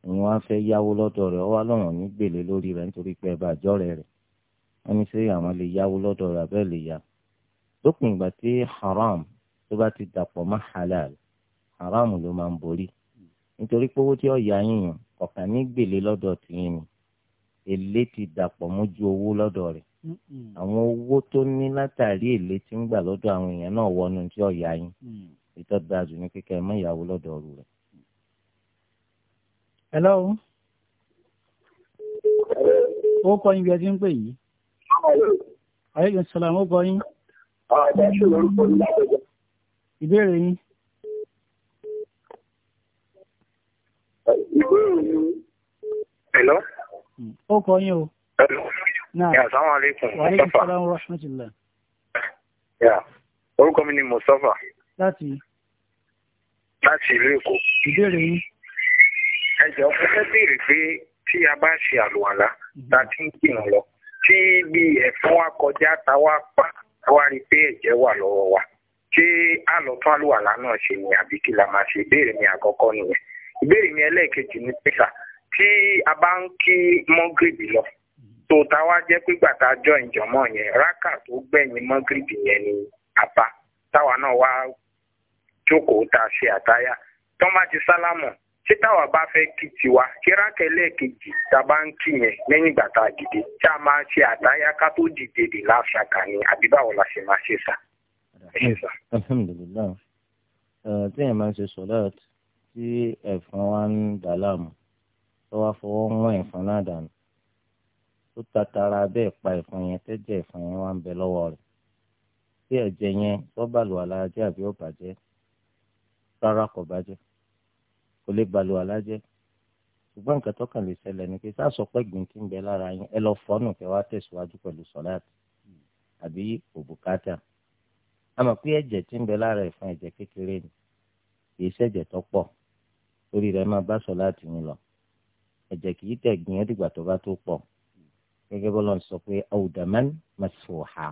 ìyẹn wá fẹ́ yáwó lọ́dọ̀ rẹ̀ ọwọ́ lọ́wọ́n ní gbèlè lórí rẹ̀ nítorí pé ẹ̀bà àjọrẹ̀ rẹ̀ wọ́n ní sẹ́yìn àwọn lè yáwó lọ́dọ̀ rẹ̀ abẹ́ lè yá lópin ìgbà tí haram tó bá ti dàpọ̀ mọ́ halal haram ló máa ń borí nítorí pé owó tí ó yá yíyan ọ̀kan ní gbèlè lọ́dọ̀ tìyín ni èlé ti dàpọ̀ mójú owó lọ́dọ̀ rẹ̀ àwọn owó tó ní látàrí èlé tí ń gbà lọ́dọ̀ àwọn èèyàn náà wọnú tí ó yá yín mm ìtọ́ da jù ní kíkẹ́ ẹ̀ ìyàwó lọ́dọ̀ ọ̀rù rẹ̀. hello. ó kọ́ yín bí ẹ ti ń pè yìí. aleykum salaam ó kọ́ yín. Ah, ìbéèrè yín. Hello. Hmm, ó kọ yín o. Hello. Náà. Yà sáwọn alékùn. Wà á lè kí sọ́lá ń orúkọ mi ni Mustapha. láti. láti ìlú èkó. ìbéèrè yín. ẹ jọ mo fẹ́ béèrè pé tí a bá ṣe àlùwàlà mhm. ta ti ń kírun lọ tí bí ẹ̀fọn wa kọjá ta wá pa wá rí pé ẹ̀jẹ̀ wà lọ́wọ́ wa ṣé a àlùwàlà náà ṣe ni àbí kí la máa ṣe ìbéèrè mi àkọ́kọ́ nìyẹn ìbéèrè mi ẹlẹ́ẹ̀kejì ni pẹ́sà tí a bá ń kí mọ́gìrìbì lọ mhm. tó ta wá jẹ́ pígbà tá a jọ ìjọmọ́ yẹn rákà tó gbẹ̀yìn mọ́gìrìbì yẹn ni àbá táwa náà wá jókòó tá a ṣe àtáyà tó má ti sálámù ṣé táwa bá fẹ́ kí tiwa ṣé rákẹ́ lẹ́ẹ̀kejì tá a bá ń kí yẹn lẹ́yìn ìgbà tá a dìde ṣé a máa ṣe àtáyà ká tó dìde dè láṣà ni àbí báwo la ṣe máa ṣe sà. alhamdulilayi máa ń ṣe sọlát tí ẹ̀fọn wa ń dà láàmú tó wá fọwọ́ wọ́n ẹ̀fọn náà dànù tó tatara bẹ́ẹ̀ pa ẹ̀fọn yẹn tẹ́jẹ̀ ẹ̀fọn yẹn wá ń bẹ lọ́wọ́ rẹ̀ tí ẹ̀jẹ̀ yẹn tó bàlùwàlà ajé àbí ó bàjẹ́ rárá kò bàjẹ́ kò lè balu alájẹ́ ṣùgbọ́n nǹkan tó kàn lè ṣẹlẹ̀ ni pé sáàsọ pé gbìntì ń bẹ lára yín ẹ lọ fọ́nù kẹ wá tẹ̀síwájú pẹ̀lú sọ́láàtì àbí òbúkátà àmọ́ pé ẹ̀jẹ̀ tí ń bẹ lára ẹ̀fọn ẹ̀jẹ̀ kékeré ni kì í ṣẹ̀jẹ̀ tó pọ̀ lórí rẹ̀ máa bá sọ́láàtì yín lọ ẹ̀jẹ̀ kì í tẹ̀ gbìn ẹ́ dìgbà tó bá tó pọ̀ gẹ́gẹ́ bọ́lá sọ pé awùdàmán mẹ́sùn ọ̀hà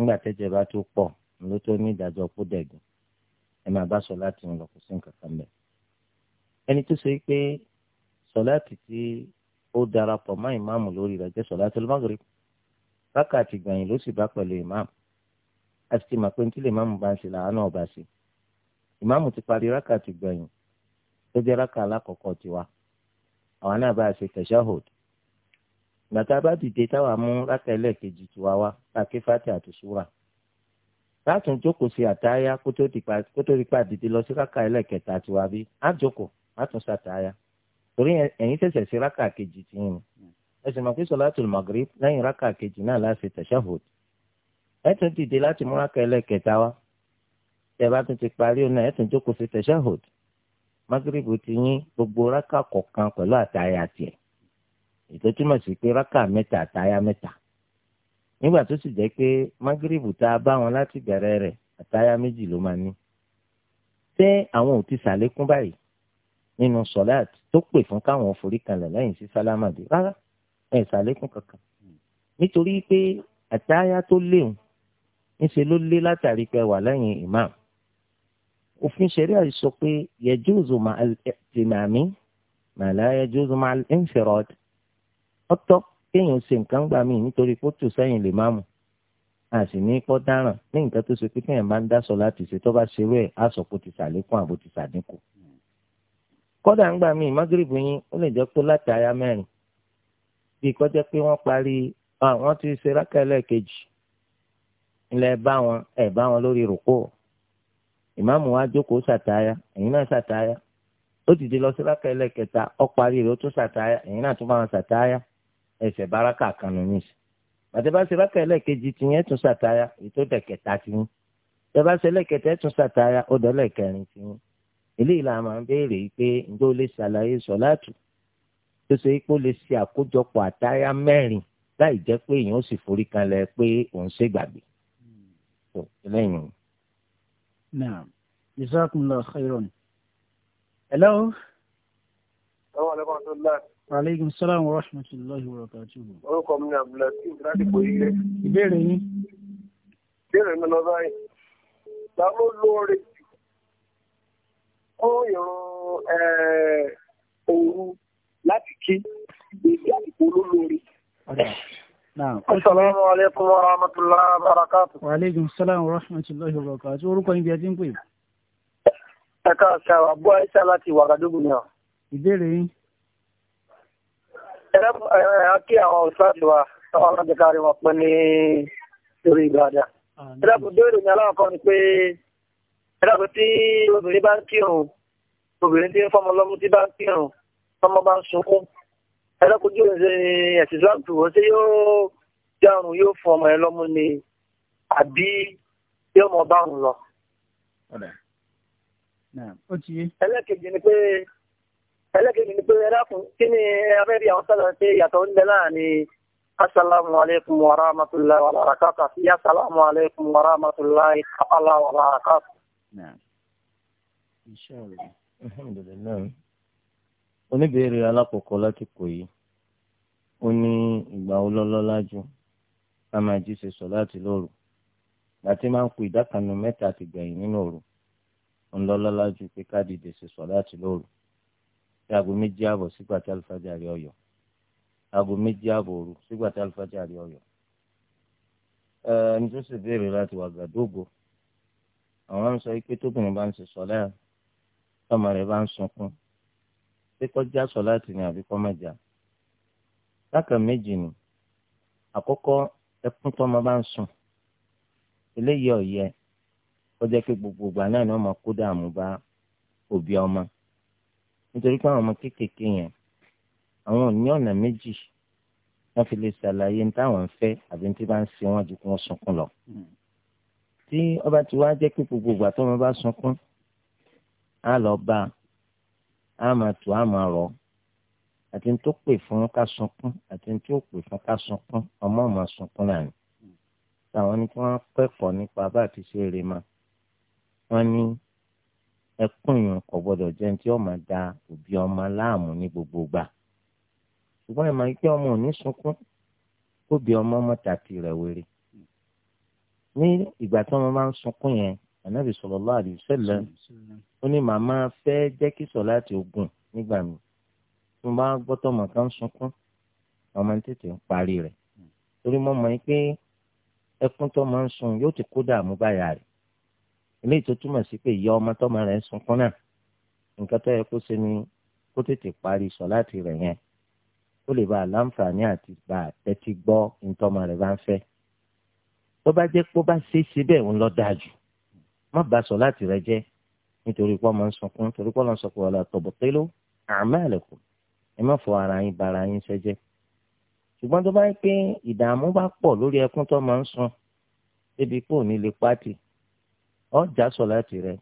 ńgbà tẹ́jẹ̀ bá tó pọ̀ ló tó ní ìdájọ́ kó dẹ̀gùn ẹ máa bá sọláàtì ń lọ kó sí nǹkan kan mẹ́. ẹni tó ṣe pé sọláàtì tí ó darapọ̀ mọ́ ìmáàmù lórí rẹ̀ jẹ́ sọláàtì al-Maghrib rákàtì gbẹ̀yìn ló sì bá pẹ̀lú ìmáàmù àti ti mà pé ní tí lè máàmù bá ń ṣe làánà ọ̀bà sí ìmáàmù ti parí rákàtì gbẹ̀yìn tó jẹ́ rákà alákọ̀ọ́kọ́ tiwa àwọn náà bá a ṣe tashahhud gbàtà bá dìde táwa mú rákà ẹlẹ́ẹ̀kejì tiwa wá tá a ké fàtì látún jókòó sí àtàyà kó tó di pa dìde lọ sí rákà ẹlẹ́kẹta tiwa bí á jókòó á tún sàtàyà torí ẹ̀yin tẹ̀sẹ̀ sí rákà kejì tí yín ẹ sì mọ̀ pé sọláàtùl magrib lẹ́yìn rákà kejì náà láti tashahhud ẹ tún dìde láti mú rákà ẹlẹ́kẹta wá tẹ bá tún ti parí ọ̀nà ẹ tún jókòó sí tashahhud magrib ti yín gbogbo rákà kọ̀ọ̀kan pẹ̀lú àtàyà tiẹ̀ ètò túmọ̀ sí pé rákà mẹ́ta àtàyà mẹ́ta nígbà tó sì jẹ́ pé magrebu tá a bá wọn láti bẹ̀rẹ̀ rẹ̀ àtayá méjì ló máa ní ṣé àwọn ò ti ṣàlékún báyìí nínú sọláàt tó pè fún káwọn forí kanlẹ̀ lẹ́yìn sí sálámàdé rárá ẹ̀ ṣàlékún kankan nítorí pé àtayá tó léwu níṣẹ́ ló lé látàrí pé wà lẹ́yìn imam òfin ṣẹ̀ríà sọ pé yẹjúùzù màá tìmàmí màá láyẹjúùzù màá ń fẹ̀rọ̀ ọ̀tọ̀ kéèyàn ṣe nǹkan gbà mí nítorí kó tò sẹ́yìn lè má mu a sì ní kọ́ dáràn ní nǹkan tó ṣe pé kéèyàn bá ń dá sọ láti ṣe tó bá ṣerú ẹ̀ á sọ kó ti ṣàlékún àbò ti ṣàdínkù. kọ́dà ń gbà mí mágírìbù yín ó lè jẹ́ pé láti aya mẹ́rin bí kọjá pé wọ́n parí wọ́n ti ṣe rákà ẹlẹ́ẹ̀kejì ilẹ̀ bá wọn ẹ̀ bá wọn lórí rùkú ìmáàmù wa jókòó ṣàtáyà ẹ̀yin náà ṣàtáyà ó dìde lọ sí rákà ẹlẹ́ẹ̀kẹta ó parí rẹ̀ ó tún ṣàtáyà ẹ̀yin náà tún bá wọn ṣàtáyà ẹsẹ̀ báraka kan nù ní ìsìn àtẹ̀bá ṣe rákà ẹlẹ́ẹ̀kejì tí yẹn tún ṣàtàyà ètò ìdẹ̀kẹta ti yín tẹ̀bá ṣe ẹlẹ́ẹ̀kẹta ẹ̀ tún ṣàtàyà ó dọ́lẹ̀ kẹrin ti yín eléyìí la máa ń béèrè pé ǹjẹ́ o lè ṣàlàyé sọ̀láàtù tó ṣe pé o lè ṣe àkójọpọ̀ àtàyà mẹ́rin láì jẹ́ pé èèyàn ó sì forí kanlẹ̀ pé òun ṣe gbàgbé tó lẹ́yìn. naam jesus kun xeyron hello. Aleykum salaam wa rahmatulahi wa barakatuhu. Orúkọ mi ni Abdulhakeem Ládìpọ̀ Ilé. Ìbéèrè yín. Ìbéèrè mi lọ báyìí. Ta ló lóore jù fún ìrun òru láti kí èdè àdìpọ̀ olólórí? Asalaamu aleykum wa rahmatulahi wa barakatuhu. Wa aleykum salaam wa rahmatulahi wa barakatuhu. Orúkọ yín bí ẹ ti ń pè. Ẹ̀ka àṣà àbúrò Aisha láti Wàgàdúgbò náà ìbéèrè yín. ẹ ẹ kí àwọn òṣìṣẹ́ wa àwọn ọlọ́dẹ̀kárí wọn pín ní orí ìgbàdà. Ah, ẹ dákun béèrè ní aláwọ̀kọ́ ni pé ẹ dákun tí obìnrin bá ń kírun obìnrin tí ń fọmọ lọ́mú tí bá ń kírun ọmọ bá ń sunkún ẹ dákun tí òun ṣe ẹ̀sìn islam tù wọ́n ṣe yóò dárun yóò fún ọmọ ẹ lọ́mú ni àbí yóò mọ bá òun lọ. ẹlẹ́kejì ni pé ẹlẹ́gẹ̀ẹ́ni ni pé ẹ̀rá fún kí ni abẹ́rẹ́ àwọn sọ̀rọ̀ ṣe yàtọ̀ ń bẹ láàrin asalaamu alaykum wa rahmatulahi wa barakatu àti asalaamu alaykum wa rahmatulahi ta'ala wa barakatu. inshallah alhamdulilayi oníbèrè alákọ̀ọ́kọ́ lákòókò yìí ó ní ìgbà olólọ́lá jù a máa jí ṣe sọ láti lóru láti máa ń kú ìdákanu mẹ́ta àti gbẹ̀yìn nínú òru ńlọ́lọ́lá jù pé ká dìde ṣe sọ láti lóru ní aago méjì ààbọ̀ sígbà tí alifájà rí ọyọ aago méjì ààbọ̀ òru sígbà tí alifájà rí ọyọ. ẹni tó sì béèrè láti wà gàdógo àwọn ń sọ pé tóbìnrin bá ń ṣe sọlá tọmọ rẹ̀ bá ń sunkún pé kọjá sọlá tì ní àbí kọmọjà lákàá méjì ni àkọ́kọ́ ẹkún tọmọ bá ń sùn eléyìí ọ̀yẹ ó pé gbogbo ìgbà náà ni wọ́n máa kó dààmú bá òbí ọmọ nítorí pé àwọn ọmọ kéékèèké yẹn àwọn ò ní ọ̀nà méjì wọ́n fi lè ṣàlàyé ní táwọn ń fẹ́ àbí tí bá ń ṣe wọ́n ju kí wọ́n sunkún lọ. tí ọba ti wá jẹ́ pé gbogbo ìgbà tó wọn bá sunkún á lọ bá a máa tù á máa rọ̀ àti tó pè fún ká sunkún àti tó pè fún ká sunkún ọmọ ọmọ sunkún náà ni. táwọn ní kí nípa bá àti ṣe eré ma wọ́n ní ẹkún yìí kò gbọdọ̀ jẹ́ ní tí ọmọ da òbí ọmọ láàmú ní gbogbo gbà ṣùgbọ́n ìmọ̀ ike ọmọ ò ní sunkún kóbi ọmọ ọmọ tàti rẹ̀ wéré ní ìgbà tí ọmọ máa ń sunkún yẹn ànábì sallallahu alaihi wasallam ó ní màmá fẹ́ jẹ́ kí sọ láti ogun nígbà mi tí mo bá gbọ́tọ̀ mọ̀ ká sunkún ọmọ tètè ń parí rẹ̀ torí mo mọ̀ pé ẹkún tó ń sun yóò ti kó dààmú báyà rẹ̀ eléyìí tó túmọ̀ sí pé ìyá ọmọ tọ́mọ rẹ̀ ń sunkún náà nǹkan tó yẹ kó ṣe ni kó tètè parí sọ̀láàtì rẹ̀ yẹn ó lè bá àlàǹfààní àti bá àtẹ́tí gbọ́ ntọ́mọ rẹ̀ bá ń fẹ́ tó bá jẹ́ pé ó bá ṣe é ṣe bẹ́ẹ̀ ń lọ dáa jù má bà sọ̀láàtì rẹ̀ jẹ́ nítorí pé ọmọ ń sunkún torí pé ọlọ́run sọ ọ̀la tọ̀bọ̀ pé ló a'malakum ẹ má fọ ara yín bara yín sẹ́jẹ́ ṣùgbọ́n tó bá yẹ pé ìdààmú bá pọ̀ lórí ẹkún tó máa ń sun débi pé òní lè pátì ọjà sọláàtì rẹ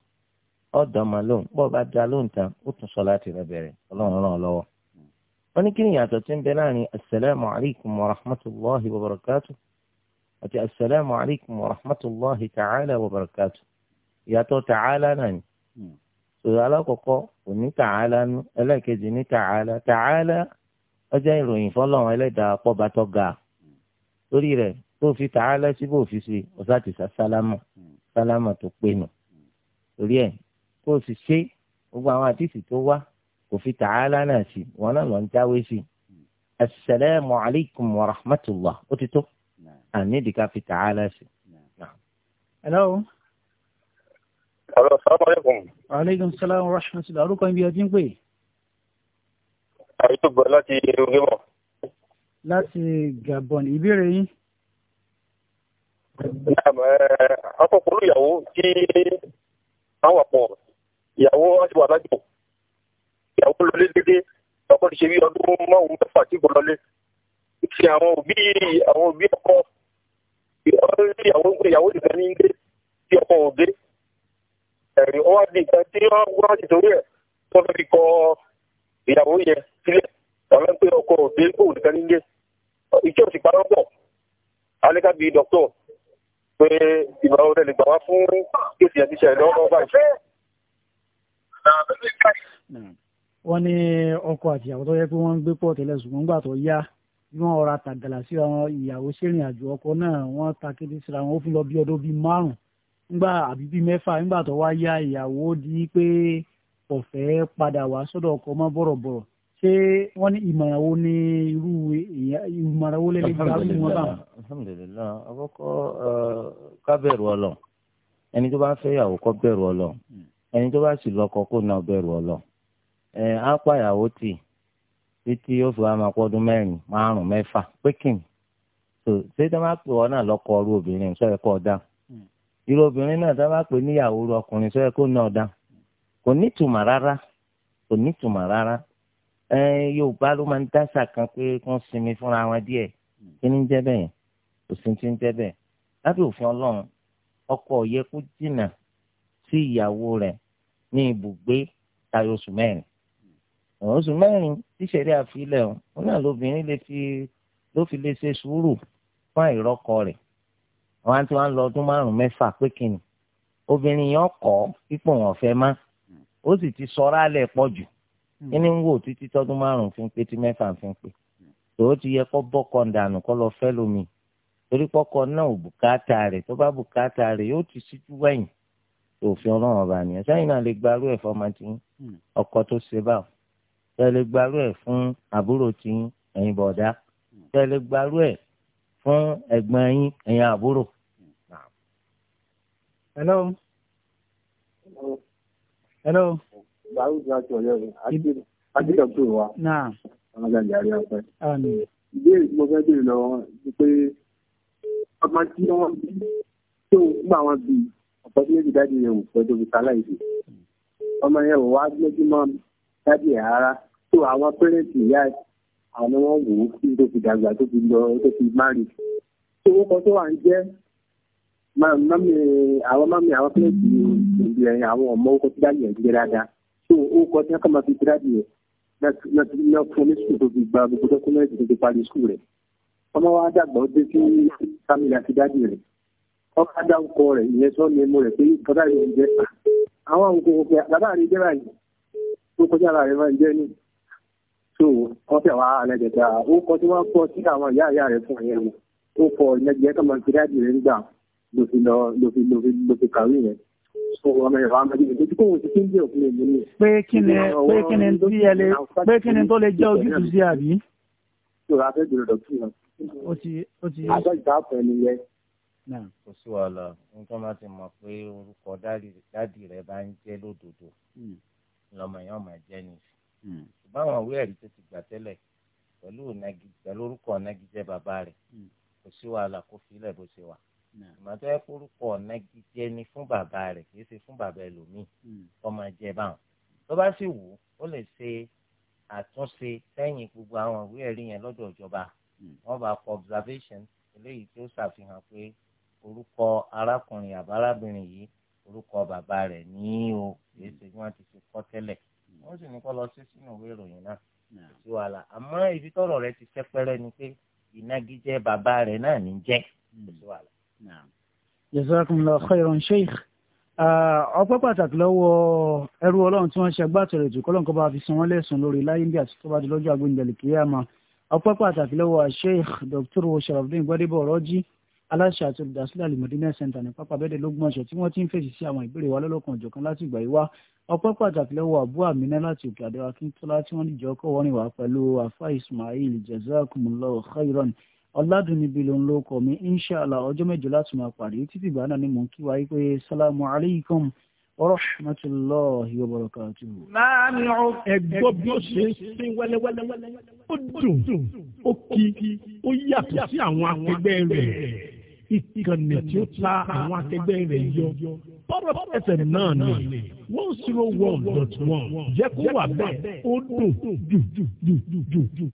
ọdọ ọmọ lóhùn bọ́ọ̀ bá da lóhùn tán ó tún sọláàtì rẹ bẹ̀rẹ̀ ọlọ́run ràn lọ́wọ́. wọ́n ní kí ni ìyàtọ̀ tí ń bẹ láàrin asalaamu alaykum wa rahmatulahi wa barakatu àti asalaamu alaykum wa rahmatulahi ta'ala wa barakatu ìyàtọ̀ ta'ala náà ni. Hmm. sọ̀rọ̀ alákọ̀ọ́kọ́ òní ta'ala nu ẹlẹ́ẹ̀kejì ní ta'ala ta'ala ọjọ́ ìròyìn fọlọ́run ẹlẹ́dàá pọ̀ bá tọ́ ga hmm. torí rẹ̀ tó fi ta'ala síbò fi si ti sàsálámù. Mm sálámà tó pé nù torí ẹ̀ kó o sì ṣe gbogbo àwọn àdìsí tó wá kò fi tààlà náà sí wọn náà lọ ń jáwé sí asalaamu alaykum wa rahmatulah ó ti tó àní ìdíkà fi tààlà sí. hello. Hello, assalamu alaikum. Alaikum salam wa rahmatullahi. Orúkọ ibi ọdún pé. Àyíkò gbọ́ láti Ogébọ̀. Láti Gabon, ìbéèrè yín ọkọ pẹ̀lú ìyàwó tí àwọn àpọ̀ ìyàwó ọ̀ṣẹ̀ wà lájọ ìyàwó lọlé dédé ọkọ ti ṣe bí ọdún márùn mẹ́fà tí kò lọlé ti àwọn òbí àwọn òbí ọkọ ìyàwó ìyàwó nìkan ní ilé tí ọkọ ò dé ẹ̀rí ọwọ́ àti nǹkan tí wọ́n wá ti torí ẹ̀ tó fẹ́ fi kọ ìyàwó yẹn sílẹ̀ ọ̀lọ́pẹ́ ọkọ ò dé kó nìkan ní ilé ìjọ́sìn parọ́ pọ̀ alẹ́kábíyí dọ́kítọ̀ pé ìgbà wo lẹ́nu gbà wá fún kéèsì àtìṣe ẹ̀ lọ́wọ́ báyìí. Hmm. wọ́n ní ọkọ àti ìyàwó tó yẹ pé wọ́n ń gbé pọ̀ tẹ́lẹ̀ ṣùgbọ́n gbà tó yá bí wọ́n ọ̀ra tàgàlà sí àwọn ìyàwó sẹ́rìn àjò ọkọ náà wọ́n ta kété síra wọn ó fi lọ bí ọdún bíi márùn-ún nígbà àbí bíi mẹ́fà nígbà tó wá yá ìyàwó di pé ọ̀fẹ́ padà wá sọ́dọ̀ ọkọ mọ́ bọ̀rọ̀bọ̀rọ̀ ṣé wọ́n ní ìmọ̀ràn ní irú ìmọ̀ràn wo wọn báwọn. alhamdulilayi ká bẹ̀rù ẹni tó bá fẹ́ yàwó kó bẹ̀rù Ọlọ́run ẹni tó bá sì lọ́kọ kó náà bẹ̀rù Ọlọ́run ẹ tì títí yóò fi wá máa pọ́ ọdún mẹ́rin márùn tó ṣé máa náà ọrú obìnrin sọ ẹ̀kọ́ irú obìnrin náà máa pè sọ ẹ̀kọ́ náà kò rárá kò yorùbá ló máa ń dáṣà kan pé wọ́n sinmi fúnra wọn díẹ̀ kí ni ń jẹ́ bẹ́ẹ̀ kò sí ti ń jẹ́ bẹ́ẹ̀ lábẹ́ òfin ọlọ́run ọkọ yẹ kó jìnnà sí ìyàwó rẹ̀ ní ibùgbé tayọ oṣù mẹ́rin oṣù mẹ́rin tíṣẹ̀rí àfilẹ̀ ọ̀ náà lóbìnrin lè fi ló fi lè ṣe sùúrù fún àìrọ́kọ rẹ̀ àwọn àti wọn lọ ọdún márùn mẹ́fà pé kìnnì obìnrin yẹn kọ́ pípọ̀ wọn fẹ́ má ó sì ti sọ̀rọ̀ alẹ́ pọ̀ jù ẹni hmm. ń wò títí tọdún márùn fi ń pé tí mẹ́fà fi ń pé tòó ti yẹ kó bọ́kọ dànù kó lọ fẹ́ lómi torí pọ́kọ náà ò bùkátà rẹ̀ tó bá bùkátà rẹ̀ yóò ti síjú wẹ̀yìn òfin ọlọ́run ọba nìyẹn sẹ́yìn náà lè gbarú ẹ̀ fọmọ tí hmm. ọkọ tó ṣe báwò tẹ́ lè gbarú ẹ̀ fún àbúrò tí ẹ̀yin bọ̀dá tẹ́ hmm. lè gbarú ẹ̀ fún ẹ̀gbọ́n yín ẹ̀yin àbúrò. hello hello báwo ni a sọ yẹ o tu, tó wa àwọn ọjà ìyá rẹ ọpẹ́. ìbéèrè tí mo fẹ́ béèrè lọ́wọ́ ni pé ọmọ tí wọ́n bí tó gbà wọ́n bí ọ̀pọ̀ tí méjì dájú yẹn wò pẹ̀lú òkúta láìsí ọmọ yẹn wò wá lójú mọ́ dájú yẹn rárá tó àwọn pẹ́rẹ́ǹtì ìyá àwọn wọn wò ó kí tó fi dàgbà tó fi lọ tó fi márì tó wọ́pọ̀ tó wà ń jẹ́ mami àwọn mami àwọn pẹ́rẹ́ǹtì ìbí ẹ̀yìn àwọn ọmọ owó tó dájú yẹn jẹ́ dáadáa so o kọ tí wọn kà máa fi gírádì yẹn náà fún ní sùkúl tó fi gba gbogbo dọkúmẹ́ǹtì tó fi parí sùkúl rẹ̀ ọmọ wa dàgbà ó dé sí family àti dádì rẹ̀ ọmọ adá ń kọ rẹ̀ ìyẹn sọ ní ẹmu rẹ̀ pé bàbá rẹ̀ ń jẹ́ àwọn àwọn òkòkò pé bàbá rẹ̀ jẹ́ báyìí tó kọjá ara rẹ̀ máa ń jẹ́ ní so wọ́n fẹ́ wá alẹ́gẹ̀dá ó kọ tí wọ́n kọ sí àwọn ìyá ìyá rẹ̀ fún ẹ̀yẹ́ wọn ó kọ ìyẹn jẹ́ kà máa fi dádì rẹ̀ ń gbà lófin lọ lófin lófin lófin pé kí ni pé kí ni tí ẹ lè pé kí ni tó lè jẹ́ ojútùú sí àbí. ó ti ó ti. adájọ́ àpò ẹni yẹ. kò sí wàhálà nǹkan máa ti mọ̀ pé orúkọ dádì rẹ̀ bá ń jẹ́ lódodo hmm. lọ́mọ yẹn ọmọ ẹ̀jẹ̀ ni hmm. ṣùgbọ́n àwọn ìwé ẹ̀rí tó ti gbà tẹ́lẹ̀ pẹ̀lú orúkọ nagijẹ́ bàbá rẹ̀ hmm. kò sí wàhálà kó fi ilẹ̀ bó ṣe wà ìmọ̀tọ́ ẹ kórúkọ ọ̀nà gidi ni fún bàbá rẹ̀ kì í ṣe fún bàbá ẹlòmíì hmm. kọ́ máa jẹ báwọn tó bá sì wù ó lè ṣe àtúnṣe sẹ́yìn gbogbo àwọn ìwé ẹ̀rí yẹn lọ́dọ̀ ìjọba hmm. wọ́n bá kọ observation eléyìí tó ṣàfihàn pé orúkọ arákùnrin àbárábìnrin yìí orúkọ bàbá rẹ̀ ní o kì í ṣe bí wọ́n ti ṣe kọ́ tẹ́lẹ̀ hmm. wọ́n sì ní kọ́ lọ sí sínú ìwé ìròyìn náà sí wàhálà àmọ́ ibi tọ́rọ̀ rẹ̀ ti sẹ́pẹ́rẹ́ ni pé ìnagijẹ bàbá rẹ̀ náà ní jẹ́ sí wàhálà jazakumullahu khairan sheikh ọpẹ́ pàtàkì lọ́wọ́ ẹrú ọlọ́run tí wọ́n ṣe agbátẹrẹ jù kọ́lọ́n kọ́ bá fi san wọ́n lẹ́sùn lórí láyé bí àti tó bá di lọ́jọ́ agbóyìnbẹ̀lì kìyàmá ọpẹ́ pàtàkì lọ́wọ́ sheikh dr sharafdin gbadebo ọ̀rọ̀jì aláṣẹ àti olùdásílẹ̀ alimọ̀dínà center ní pápá abẹ́dẹ̀ lógún ọ̀sẹ̀ tí wọ́n ti ń fèsì sí àwọn ìbéèrè wa lọ́lọ́kan ọ̀jọ̀kan láti ìgbà yìí wá ọpẹ́ pàtàkì lọ́wọ́ àbú àmínà láti òkè àdéhùn akíntola tí wọ́n dìjọ́ kọ́ wọ́n rìn wá pẹ̀lú afa ismail jazakumullahu khairan ọ̀làdùnníbi ló ń lo ọkọ̀ mi inshàlá ọjọ́ mẹ́jọ láti máa pàdé títí ìgbà náà ni mò ń kí wáyé pé sálámù aleykum ọ̀rọ̀ṣùmọ́tìlọ́ọ̀hì ọ̀bọ̀rọ̀kàtù. láàrin ẹgbọ́ bí ó ṣe ṣe wẹ́lẹ́wẹ́lẹ́ ó dùn ó kí ó yàtọ̀ sí àwọn akẹgbẹ́ rẹ̀ ìkànnì tí ó ta àwọn akẹgbẹ́ rẹ̀ yọ bọ́rọ̀ ẹsẹ̀ náà ni one zero one dot one jẹ́ kó wà bẹ́ẹ̀ ó dùn dùn dùn dùn dùn.